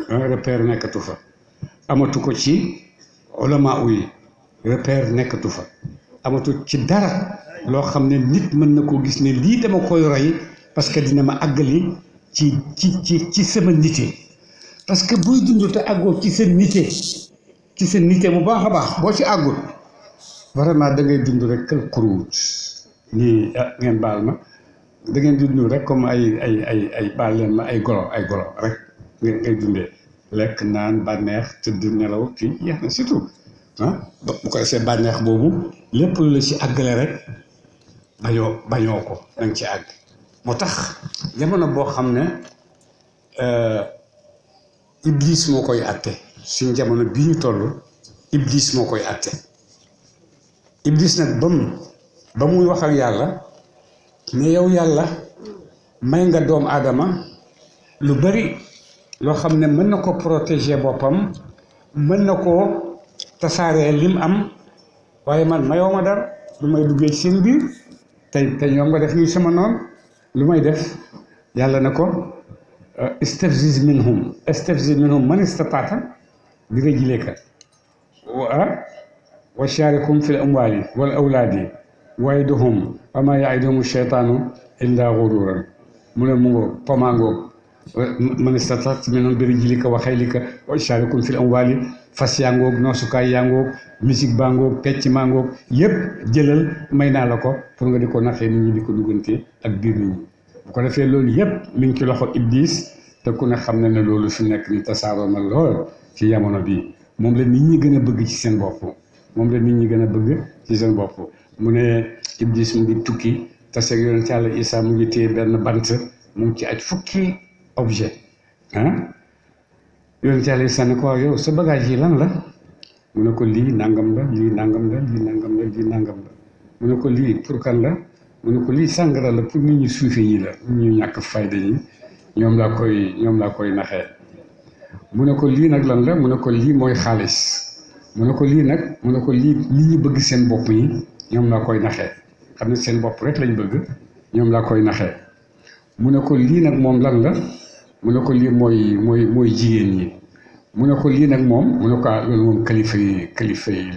yi repère nekkatu fa amatu ko ci ulama yi repère nekkatu fa amatu ci dara loo xam ne nit mën na koo gis ne lii dama koy roy parce que dina ma àggali ci ci ci ci sama nite parce que buy dund te àggoo ci sa nite ci sa nite bu baax a baax boo ci àggul vraiment da ngay dund rek kër kuruut nii ah, ngeen baal ma dangeen ngeen dund rek comme ay ay ay ay baal leen ma ay golo ay golo rek ngeen ngay dundee lekk naan bànneex tëdd nelaw kii yeex na surtout ah. bu ko defee bànneex boobu lépp lu la ci àggale rek bañoo bañoo ko da ci àgg moo tax jamono boo xam ne euh, iblis moo koy atte suñ jamono bii ñu toll iblis moo koy atte Iblis nag ba ba muy wax ak yàlla ne yow yàlla may nga doom aadama lu bari loo xam ne mën na ko protéger boppam mën na ko tasaare lim am waaye man mayoo ma dara lu may duggee ci seen biir tey tey nga def ñuy sama noon lu may def yàlla na ko euh, istafziz minhum istafziz minhum man istataata bi nga jilee ka wa wa shaarikhum fil amwaali wal awlaadi waiduhum wa maa yaiduhum sheytaanu illaa guruuran mu ne mu ngo pomangoog man istatat minhum bi rijlika wa xaylika wa shaarikhum fil amwaali fas yaa ngoog noosukaay yaa ngoog musique baa ngoog pecc maa ngoog yëpp jëlal may naa la ko pour nga di ko naxee nit ñi di ko duggante ak biir nit bu ko defee loolu yëpp mi ngi ci loxo iblis te ku ne xam na ne loolu fi nekk ni tasaaroo na lool ci jamono bii moom la nit ñi gën a bëgg ci seen bopp moom la nit ñi gën a bëgg ci seen bopp mu ne Iblis mu ngi tukki taseeg yonent yàlla Isaa mu ngi téye benn bant moom ci aj fukki objet ah yonent yàlla Isaa ne ko waaw yow sa bagage yi lan la mu ne ko lii nangam la lii nangam la lii nangam la mu ne ko lii pour kan la mu ne ko lii sàngara la pour nit ñu suufi ñi la ñu ñàkk fayda ñi ñoom laa koy ñoom laa koy naxee mu ne ko lii nag lan la mu ne ko lii mooy xaalis mu ne ko lii nag mu ne ko lii lii ñu bëgg seen bopp yi ñoom laa koy naxee xam ne seen bopp rek lañu bëgg ñoom laa koy naxee mu ne ko lii nag moom lan la mu ne ko lii mooy mooy mooy jigéen mu ne ko lii nag moom mu ne ah, yi kalifa yi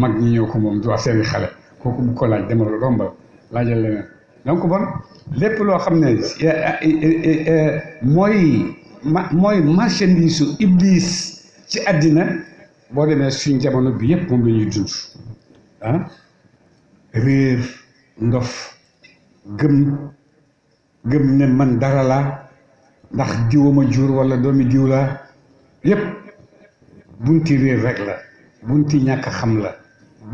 mag ñi ñoo ko moom du affaire xale kooku bu ko laaj demal rombal laajal leneen donc bon lépp loo xam ne eh, eh, eh, mooy ma mooy ci àddina boo demee suñ jamono bi yëpp moom la ñuy dund ah réer ndof gëm gëm ne man dara laa ndax diwuma jur wala doomi diw laa yëpp bunti réer rek la bunti ñàkk xam la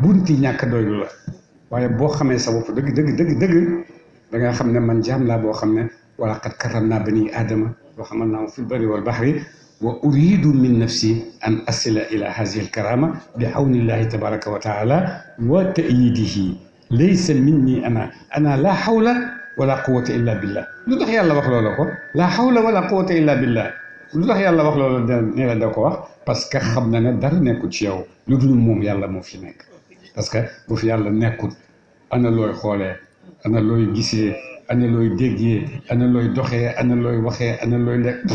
bunti ñàkk doylu la waaye boo xamee sa bopp dëgg dëgg dëgg dëgg xam ne man jaam laa boo xam ne wala xat karam naa ba bani aadama boo xamal naa fil bari wal baxri wa uridu min nafsi an asila ila hadihi alkarama bi hawnillahi tabaraka wa taala wa tayidihi laysa minni ana ana la hawla wala quwata illa billah lu tax yàlla wax loola ko la hawla wala quwata illa billah lu tax yàlla wax loola da ne la da ko wax parce que xam na ne dara nekkul ci yow lu dul moom yàlla moo fi nekk parce que bu fi yàlla nekkul ana looy xoolee ana looy gisee ana looy déggee ana looy doxee ana looy waxee ana looy lekk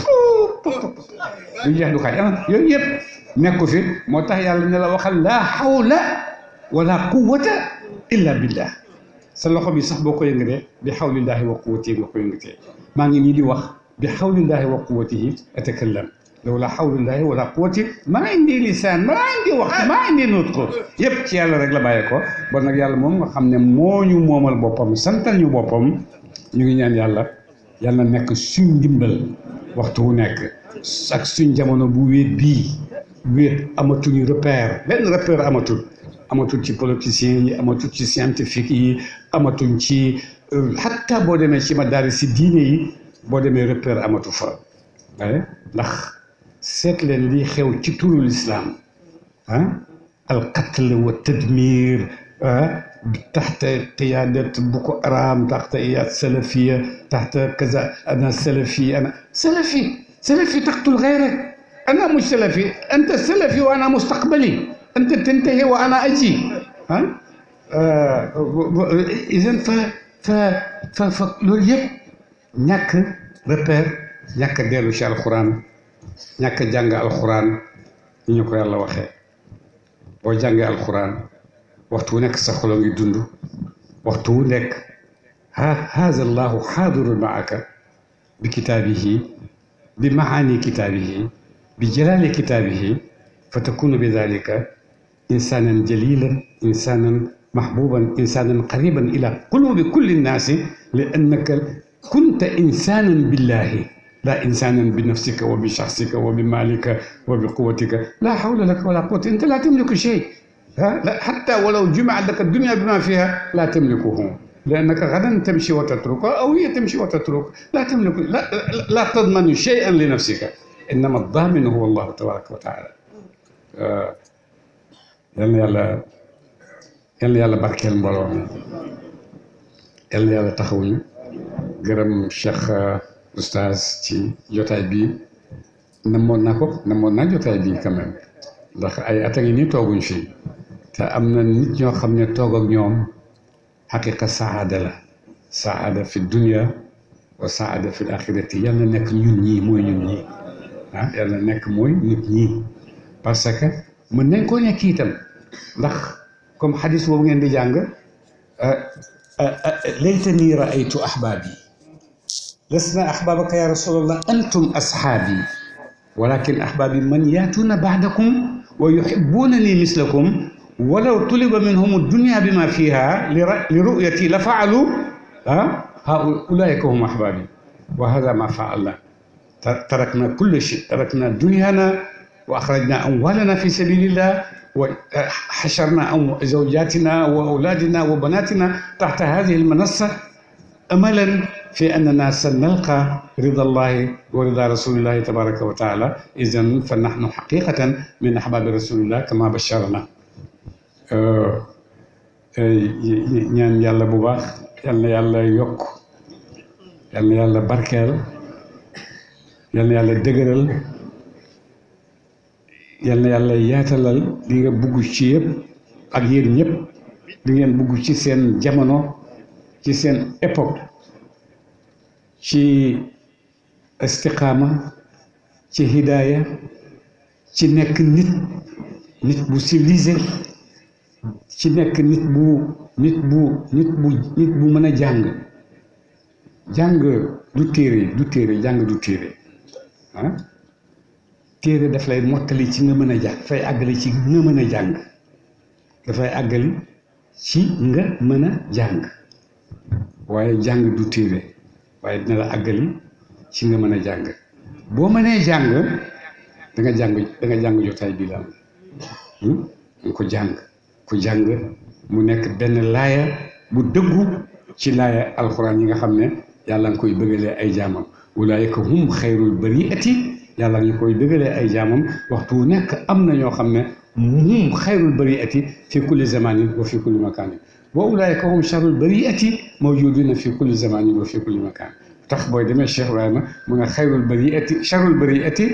du jeex du xaj ah yooyu yëpp nekku fi moo tax yàlla ne la waxal laa hawla wala quwwata illa billah sa loxo bi sax boo ko yëngatee bi hawlillahi wa quwwatihi nga ko yëngatee maa ngi nii di wax bi hawlillahi wa quwwatihi atakallam law la hawlillahi wala quwwati maa indi lisaan maa indi wax maa indi nuut ko yëpp ci yàlla rek la bàyyee ko bon nag yàlla moom nga xam ne moo ñu moomal boppam santal ñu boppam ñu ngi ñaan yàlla yàlla nekk suñ ndimbal waxtu wu nekk ak suñ jamono bu wéet bii wéet amatuñu repère benn repère amatul amatul ci politiciens amatu ci scientifique yi amatuñ ci euh, hatta boo demee ci madaris si diine yi boo demee repère amatu fa ndax seet leen li xew ci turu lislaam ah alqatl wa tadmir taxta qiyaadat bu ko araam taxta iyaad salafiya taxta kaza سلفي سلفي تقتل غيرك أنا مش سلفي أنت سلفي وأنا مستقبلي أنت تنتهي وأنا أجي ها آه إذا ف ف ف ف loolu yëpp ñàkk repère ñàkk a dellu ci alxuraan ñàkk a jàng alxuraan ni ñu ko yàlla waxee boo jàngee alxuraan waxtu wu nekk sa xolo ngi dund waxtu wu nekk ha haza allahu xaadirun maaka bi kitaabihi bi maani kitaabihi bi jalaali kitaabihi fa takunu bi dalika insanan jalilan insanan mahbuban insanan qariban ila qulubi kulli nnaasi li annaka kunta insanan billahi laa insanan bi nafsika wa bi shaxsika wa bi maalika wa bi quwatika laa hawla laka wala quwata anta laa tamliku shay ah xatta walaw jumiat laka dunia bi ma fiha laa tamlikuhu لأنك غدا تمشي وتتركها أو هي تمشي وتترك لا تملك لا, لا تضمن شيئا لنفسك إنما الضامن هو الله تبارك وتعالى yal na yàlla yal na yàlla barkeel mbooloo mi yal na yàlla taxawuñu gërëm Cheikh Oustaz ci jotaay bii namoon naa ko namoon naa jotaay bii quand même ndax ay at a ngi nii tooguñ fii te am na nit ñoo xam ne toog ak ñoom. xaqiqa saada la saada fi dunia wa saada fi axirati yàlla nekk ñun ñii mooy ñun ñii ah yàlla nekk mooy nit ñii parce que mën nañ koo nekk itam ndax comme xadis boobu ngeen di jàng euh, euh, euh, laytani raaytu ahbaabi lasna ahbaabaka ya rasulallah antum ashaabi walakin ahbaabi man yaatuuna baadakum wa yuhibbuunani mislakum walaw tuliba minhum dunia bi ma fiha li ruyati la faalu ah haulaika hum ahbabi wa hada ma faalna tarakna kulle shay tarakna duniana wa axrajna amwalana fi sabilillah wa xasharna zawjatina wa awladina wa banatina taxta hadihi almanassa amalan في أننا سنلقى رضا الله ورضا رسول الله تبارك وتعالى إذا فنحن حقيقة من أحباب رسول الله كما بشرنا Euh, euh, ñaan yàlla bu baax yal yàlla yokk yal yàlla barkeel yal yàlla dëgëral yal yàlla yaatalal li nga bugg ci yëpp ak yéen ñépp li ngeen bugg ci seen jamono ci seen époque ci istiqaama ci hidaaya ci nekk nit nit bu civilisé ci nekk nit bu nit bu nit bu nit bu mën a jàng jàng du téere du téere jàng du téere ah. téere daf lay mottali ci nga mën a jàng dafay àggali ci nga mën a jàng dafay àggali ci mën a jàng waaye jàng du téere waaye dina la àggali ci nga mën a jàng boo mënee jàng da nga jàng danga nga jàng jotaay bi la am hmm? nga ko jàng ku jàng mu nekk benn laaya bu dëggu ci laaya alxuraan yi nga xam ne yàlla nga koy bëggalee ay jaamam walaayika hum xayrul bariyati yàlla nga koy bëggalee ay jaamam waxtu wu nekk am na ñoo xam ne hum xayrul bariyati fi kulli zamanin wa fi kulli makanin wa ulaayika hum charrul bariyati mawjudina fi kulli zamanin wa fi kulli makanin tax booy demee Cheikh Ibrahima mu ne xayrul bariyati charrul bariyati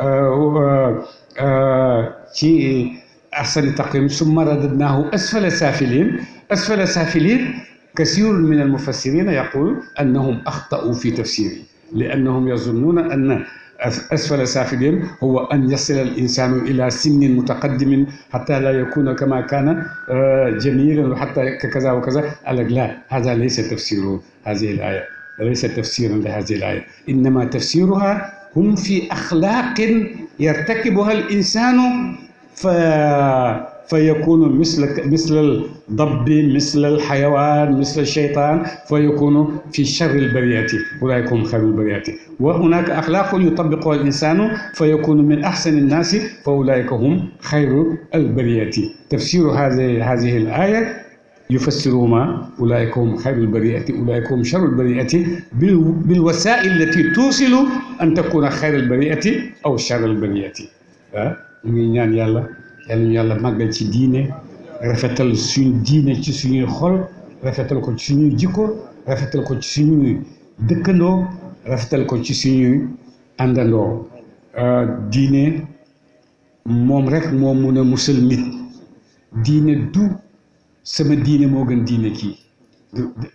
euh, euh, ci أحسن تقويم ثم رددناه أسفل سافلين أسفل سافلين كثير من المفسرين يقول أنهم أخطأوا في تفسيره لأنهم يظنون أن أسفل سافلين هو أن يصل الإنسان إلى سن متقدم حتى لا يكون كما كان جميلا حتى كذا وكذا قال لك لا هذا ليس تفسير هذه الآية ليس تفسيرا لهذه الآية إنما تفسيرها هم في أخلاق يرتكبها الإنسان فيكون مثل مثل الضب مثل الحيوان مثل الشيطان فيكون في شر البرية أولئك هم خير البرية وهناك أخلاق يطبقها الإنسان فيكون من أحسن الناس فأولئك هم خير البرية تفسير هذه هذه الآية يفسرهما أولئك هم خير البرية أولئك هم شر البرية بالوسائل التي توصل أن تكون خير البرية أو شر البرية ñu ngi ñaan yàlla yàlla ñu yàlla màggal ci diine rafetal suñu diine ci suñuy xol rafetal ko ci suñuy jikko rafetal ko ci suñuy dëkkandoo rafetal ko ci suñuy àndandoo euh, diine moom rekk moo mun a musal nit diine du sama diine moo gën diine kii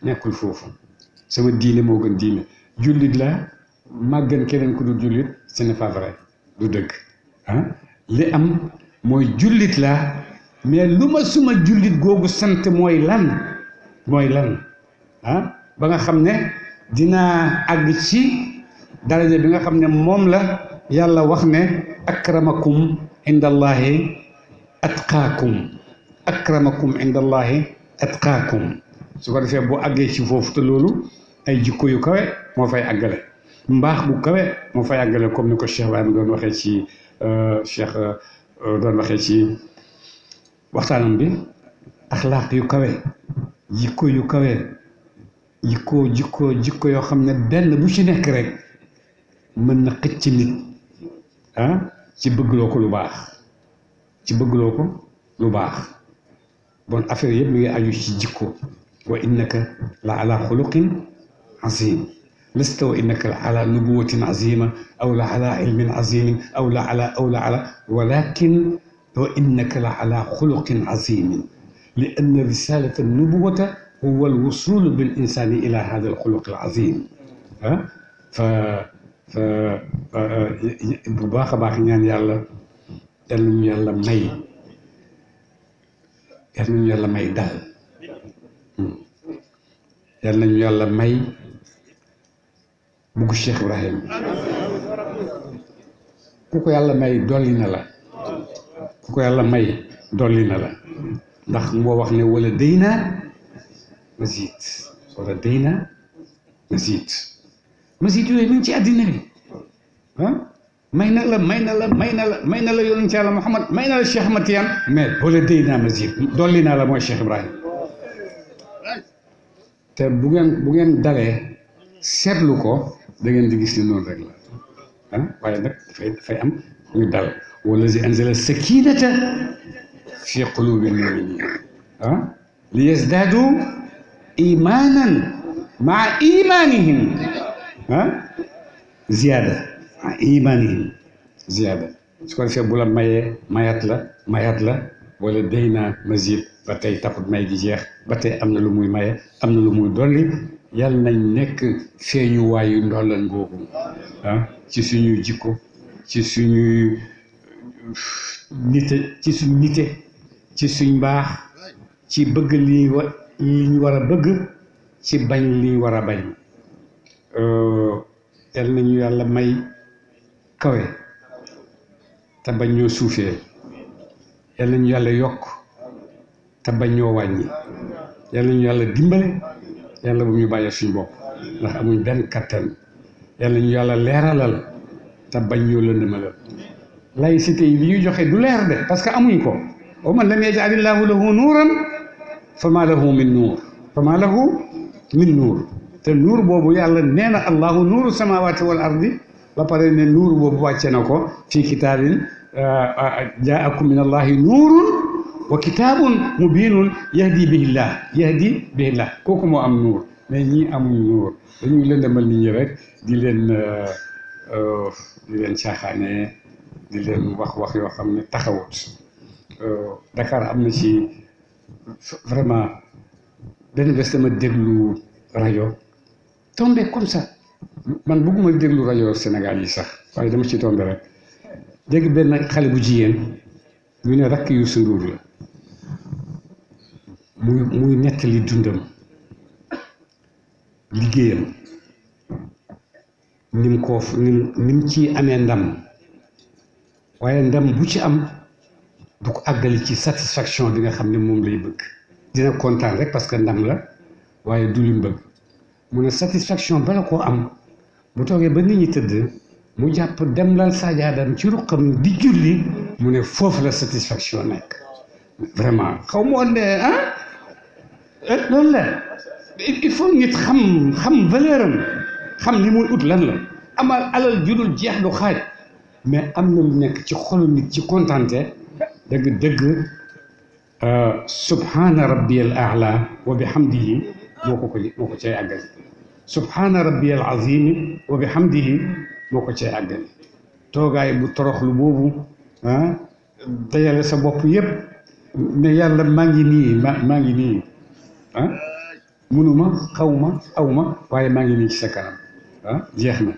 nekkul foofu sama diine moo gën diine jullit la màggan keneen ku dul jullit ce n'est pas vrai du dëgg li am mooy jullit la mais lu ma suma jullit googu sant mooy lan mooy lan ah, ba nga xam ne dina àgg ci daraja bi nga xam ne moom la yàlla wax ne akramakum indallahi atqaakum akramakum indallahi atqaakum su ko defee boo àggee ci foofu te loolu ay jikko yu kawe moo fay àggale mbaax bu kawe moo fay àggale comme ni ko Cheikh Ibrahima doon waxee ci Euh, cheikh euh, doon waxee ci waxtaanam bi axlaaq yu kawe jikko yu kawe jikko jikko jikko yoo xam ne benn bu ci nekk rek mën na xëcc nit ah, ci bëggloo ko lu baax ci bëgguloo ko lu baax bon affaire yëpp mi ngi aju ci jikko wa innaka la ala xuluqin لست وانك على نبوه عظيمه او لعلى علم عظيم او لعلى او لعلى ولكن وانك لعلى خلق عظيم لان رساله النبوه هو الوصول بالانسان الى هذا الخلق العظيم ها ف ف bu baax a baax ñaan yàlla yal nañu yàlla may yal nañu yàlla may dal yal nañu yàlla may bugg Cheikh Ibrahim ku ko yàlla may dolli na la ku ko yàlla may dolli na la ndax moo ne wala day naa ci àddina ah? may na la may na la may na la may na la yonent ci yàlla Muhammad may na la Cheikh Ahmad Tidiane mais wala day Ibrahim te bu ngeen bu ngeen dalee seetlu ko da ngeen di gis ne noonu rek la ah waaye nag dafay dafay am ñu dal wala si anzala sakinata fi qulubi lmuminin ah li yasdaadu imanan maa imanihim ah ziyaada maa imanihim ziyaada su ko defee bu la mayee mayat la mayat la wala day naa masjid ba tey taxut may gi jeex ba tey am na lu muy maye am na lu muy dolli yal nañ nekk feeñuwaayu ndollan googu ah ci suñu jikko ci suñuy euh, nite ci suñ nite ci suñ baax ci bëgg lii liñ war a bëgg ci bañ liñ war a bañ euh, yal nañu yàlla may kawe te bañ ñoo suufee yal nañu yàlla yokk te bañ ñoo wàññi yal nañu yàlla dimbale yàlla bu ñu bàyyee suñu bopp ndax amuñ benn kattan yàlla ñu yàlla leeralal te bañ ñoo lëndëmalal laïcité yi ñu joxe du leer de parce que amuñ ko wa man lam yaj'al illaahu lahu nuuran famaa lahu min nuur famaa lahu min nuur te nuur boobu yàlla nee na allahu nuuru samaawaati wal ardi ba pare ne nuur boobu wàcce na ko fii kitaabin jaakum min allahi nuurun wa kitaabun mubiinun yahdi bihi llah yahdi bihi llah kooku moo am nuur mais ñii amuñu nuur dañuy lëndëmal nit ñi rek di leen euh, euh, di leen caaxaane di leen wax wax yoo xam ne taxawut euh, Dakar am na ci vraiment benn bés dama déglu rajo tombé comme ça man bëgguma déglu rajo Sénégal yi sax waaye dama ci tombé rek dégg benn xale bu jigéen ñu ne rakk Youssou muy muy nettali dundam liggéeyam nim koo nim nim ci amee ndam waaye ndam bu ci am du ko àggali ci satisfaction bi nga xam ne moom lay bëgg dina kontaan rek parce que ndam la waaye du lim bëgg mu ne satisfaction bala koo am bu toogee ba nit ñi tëdd mu jàpp dem lal saajaadam ci ruqam di julli mu ne foofu la satisfaction nekk vraiment xaw ma woon de ah loolu la il faut xam xam valeur xam ni muy ut lan la amal alal judul jeex lu xaaj mais am na ci xolu nit ci kontante dëgg dëgg euh, subhana rabbiyal aala wa bihamdihi moo ko ko moo ko cay àggal subhana rabbiyal azimi wa bihamdihi moo ko cay àggal toogaay bu toroxlu boobu ah dajale sa bopp yépp yàlla maa ngi nii maa ngi nii ah munuma xawma awma waaye maa ngi nii ci sa kanam ah, jeex na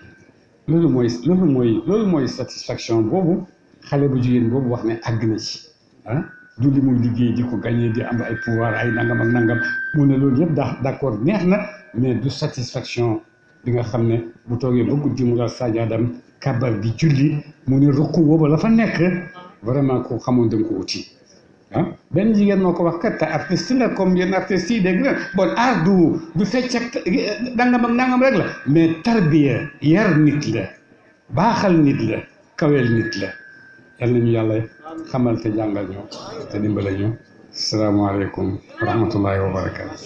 loolu mooy loolu mooy loolu mooy satisfaction boobu xale bu jigéen boobu wax ne àgg na ci ah du li muy liggéey di ko gagné di am ay pouvoir ay nangam nangam mu ne loolu yëpp daa d'accord neex na mais du satisfaction bi nga xam ne bu toogee ba guddi mu daal saajaadam kabar bi julli mu ne ruq boobu la fa nekk vraiment ko xamoon da nga ko wuti ah benn jigéen moo ko wax kat te artiste la comme yenn artistes yi dégg nga bon aar du du fecc ak dangam ak nangam rek la mais tarbiya yar nit la baaxal nit la kaweel nit la yal nañu yàlla xamal te jàngal ñu te dimbale ñu salaamaaleykum wa rahmatullahi wa barakaatu.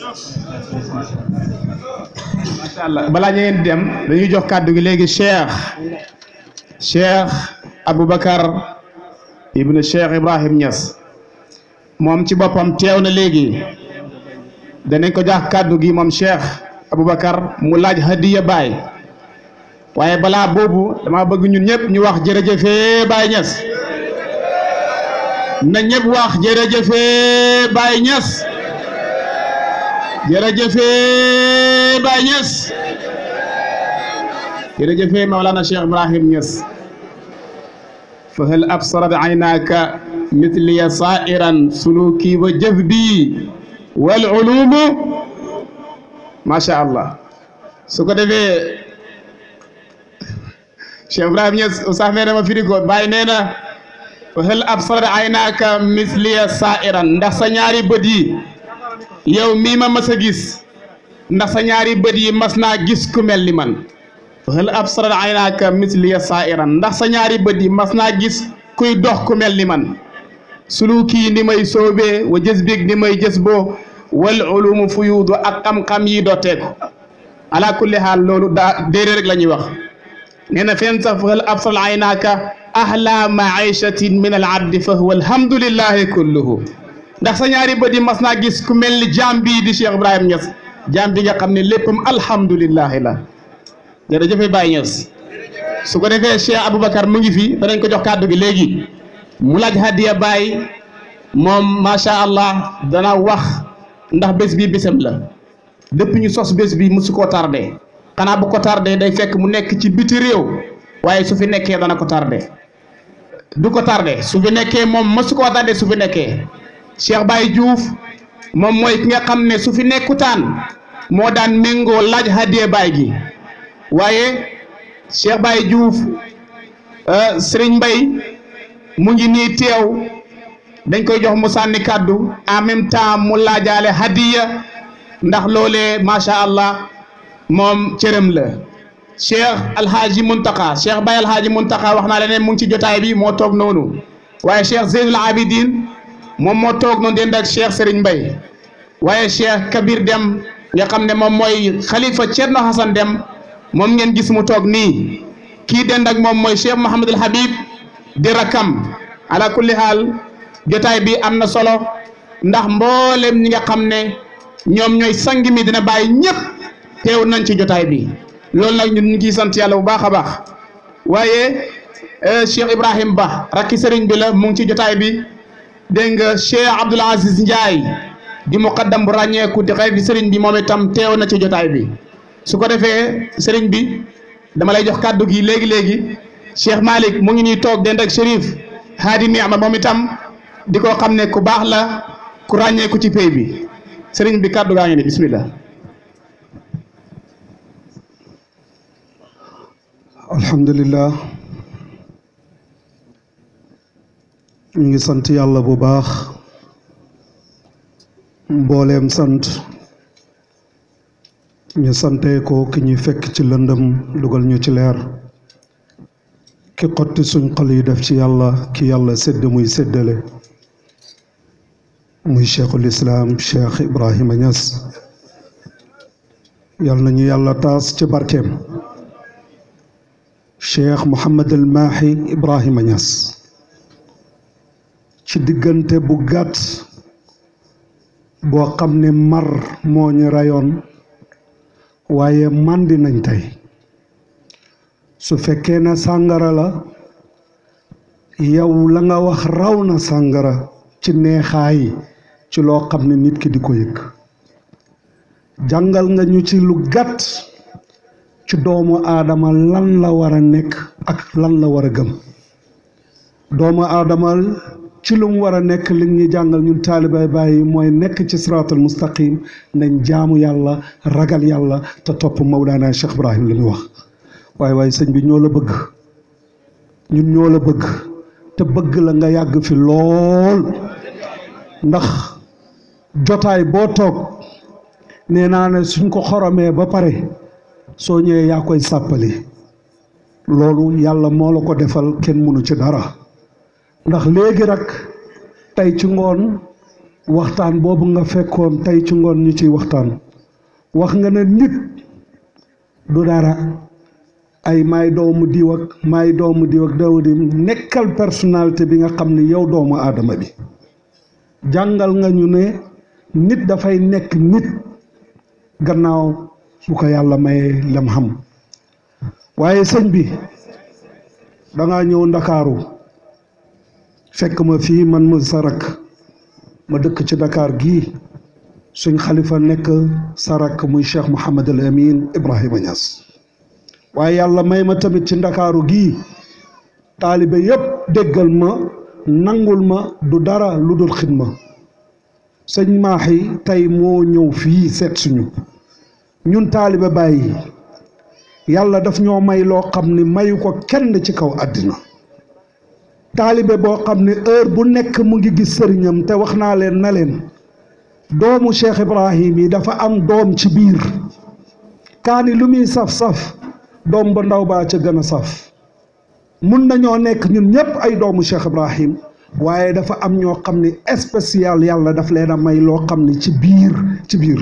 macha allah balaa ñu ngeen dem dañuy jox kàddu gi léegi Cheikh Cheikh Aboubacar ibn Cheikh Ibrahim Niass. moom ci boppam teew na léegi danañ ko jox kàddu gi moom abu Aboubacar mu laaj hadiya baay waaye balaa boobu dama bëgg ñun ñëpp ñu wax jërëjëfee Baay Ñas na ñëpp wax jërëjëfee Baay Ñas jërëjëfee Baay Ñas jërëjëfee Mawlana Cheikh Ibrahim Ñas fahal absara bi مثلي صائرا سلوكي وجهدي والعلوم ما شاء الله su ko defee Cheikh Ibrahim Niass sax nee na ma firi ko bàyyi nee na hal aynaaka misliya saairan ndax sa ñaari bët yow mii ma mas gis ndax sa ñaari bët yi mas naa gis ku mel ni man hal absara aynaaka misliya saairan ndax sa ñaari bët yi mas naa gis kuy dox ku mel ni man suluki ni may soobee wa jës ni may jës boo wal ulumu fuyuudu ak xam-xam yi dooteeku ala kulli xaal loolu daa déedéet rek la wax nee na fen sax fal absal aynaaka ahla maishatin min al abdi fa huwa alhamdulillahi kulluhu ndax sa ñaari bët yi mas naa gis ku mel ni jaam bii di Cheikh Ibrahima Niass jaam bi nga xam ne léppam alhamdulillahi la jërëjëf Baye Niass su ko defee Cheikh Aboubacar mu ngi fi danañ ko jox kàddu gi léegi mu laaj hadiya baay moom macha allah dana wax ndax bés bi bésam la depuis ñu sos bés bi musu koo tardé xanaa bu ko tardé day fekk mu nekk ci biti réew waaye su fi nekkee dana ko tardé du ko tardé su fi nekkee moom musu koo tardé su fi nekkee Cheikh Baye Diouf moom mooy ki nga xam ne su fi nekkutaan moo daan méngoo laaj hadiya baay gi waaye Cheikh Baye Diouf euh, Serigne Mbaye mu ngi nii teew dañ koy jox mu sànni kàddu en même temps mu laajaale hadiya ndax loolee macha allah moom cërëm la cheikh alhaaji muntaka cheikh bay alhaaji muntaka wax naa la mu ngi ci jotaay bi moo toog noonu waaye cheikh zeynul abidin moom moo toog noonu dend ak cheikh Serigne Mbay waaye cheikh kabir dem nga xam ne moom mooy xalifa Cerno Hasan dem moom ngeen gis mu toog nii kii dend ak moom mooy cheikh Mouhamadul Habib di rakam ala kulli jotaay bi am na solo ndax mboolem ñi nga xam ne ñoom ñooy sang mi dina bàyyi ñëpp teew nañ ci jotaay bi loolu nag ñun ñu ngi sant yàlla bu baax a baax waaye eh, Cheikh Ibrahim Ba rakki sëriñ bi la mu ngi ci jotaay bi dégg nga Cheikh Abdoul Aziz Ndiaye di muqaddam bu ràññeeku di xarit sëriñ bi moom itam teew na ci jotaay bi su ko defee sëriñ bi dama lay jox kàddu gi léegi léegi. Cheikh Malick mu ngi nii toog dend ak Chérif Hadi Niama moom itam di ko xam ne ku baax la ku ràññeeku ci pay bi sëriñ bi kàddu gaa ngi ni bismillah alhamdulillah ngi sant yàlla bu baax mbooleem sant ñu sante ki ñuy fekk ci lëndëm dugal ñu ci leer ki xotti suñ xol yi def ci yàlla ki yàlla sédd muy seddale muy cheikhul islaam cheikh Ibrahima Niass yàlla nañu yàlla taas ci barkeem cheikh Mouhamad El Mahi Ibrahima Niass ci diggante bu gàtt boo xam ne mar moo ñu rayoon waaye màndi nañ tey su fekkee na sàngara la yow la nga wax raw na sàngara ci neexaay ci loo xam ne nit ki di ko yëg jàngal nga ñu ci lu gàtt ci doomu aadama lan la war a nekk ak lan la war a gëm doomu aadama ci lu mu war a nekk li ñuy jàngal ñun taalibaay bàyyi mooy nekk ci siraatul mustaqim nañ jaamu yàlla ragal yàlla te topp Mawlaana Cheikh Ibrahim lu mu wax waay waay sëñ bi ñoo la bëgg ñun ñoo la bëgg te bëgg la nga yàgg fi lool ndax jotaay boo toog nee naa ne suñ ko xoromee ba pare soo ñëwee yaa koy sàppali loolu yàlla moo la ko defal kenn mënu ci dara ndax léegi rek tey ci ngoon waxtaan boobu nga fekkoon tey ci ngoon ñu ciy waxtaan wax nga ne nit du dara ay maay doomu diw ak maay doomu diw ak daw nekkal personnalité bi nga xam ne yow doomu aadama bi jàngal nga ñu ne nit dafay nekk nit gannaaw su ko yàlla may lem xam waaye sëñ bi danga ñëw ndakaaru fekk ma fii man ma sarak ma dëkk ci Dakar gii suñ xalifa nekk sarak muy Cheikh Mouhamadul Amin Ibrahima Niass waaye yàlla may ma tamit ci ndakaaru gii taalibe yépp déggal ma nangul ma du dara lu dul xidma sëñ yi tey moo ñëw fii seet suñu ñun taalibe bàyyi yàlla daf ñoo may loo xam ni mayu ko kenn ci kaw àddina taalibe boo xam ne ër bu nekk mu ngi gis sëriñam te wax naa leen na leen doomu Cheikh Ibrahim yi dafa am doom ci biir kaani lu muy saf-saf doom ba ndaw baa ca gën a saf mun nañoo nekk ñun ñëpp ay doomu Cheikh Ibrahim waaye dafa am ñoo xam ne spécial yàlla daf leen a may loo xam ne ci biir ci biir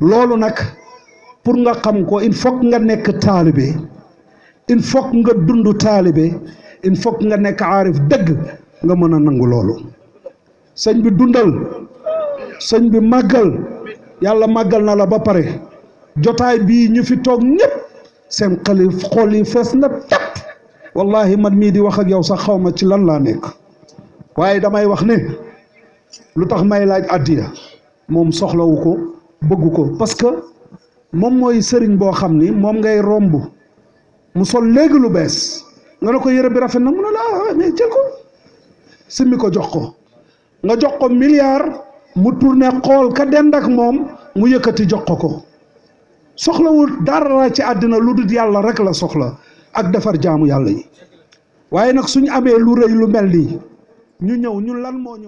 loolu nag pour nga xam ko il faut nga nekk taalibe il faut nga dund taalibe in faut nga nekk aarif dëgg nga mën a nangu loolu sëñ bi dundal sëñ bi màggal yàlla màggal na la ba pare jotaay bii ñu fi toog ñëpp seen xel xool yi fees na tëpp wallahi man mii di wax ak yow sax xaw ma ci lan laa nekk waaye damay wax ne lu tax may laaj addiya moom soxlawu ko bëggu ko parce que moom mooy sëriñ boo xam ni moom ngay romb mu sol léegi lu bees nga ne ko yére bi rafet na mu ne la ah, mais jël ko simmi ko jox ko nga jox ko milliard mu tourné xool ka dend ak moom mu yëkkati jox ko ko soxlawul dara ci àddina lu dul yàlla rek la soxla ak defar jaamu yàlla yi waaye nag suñu amee lu rëy lu mel nii ñu ñëw ñun lan moo ñëw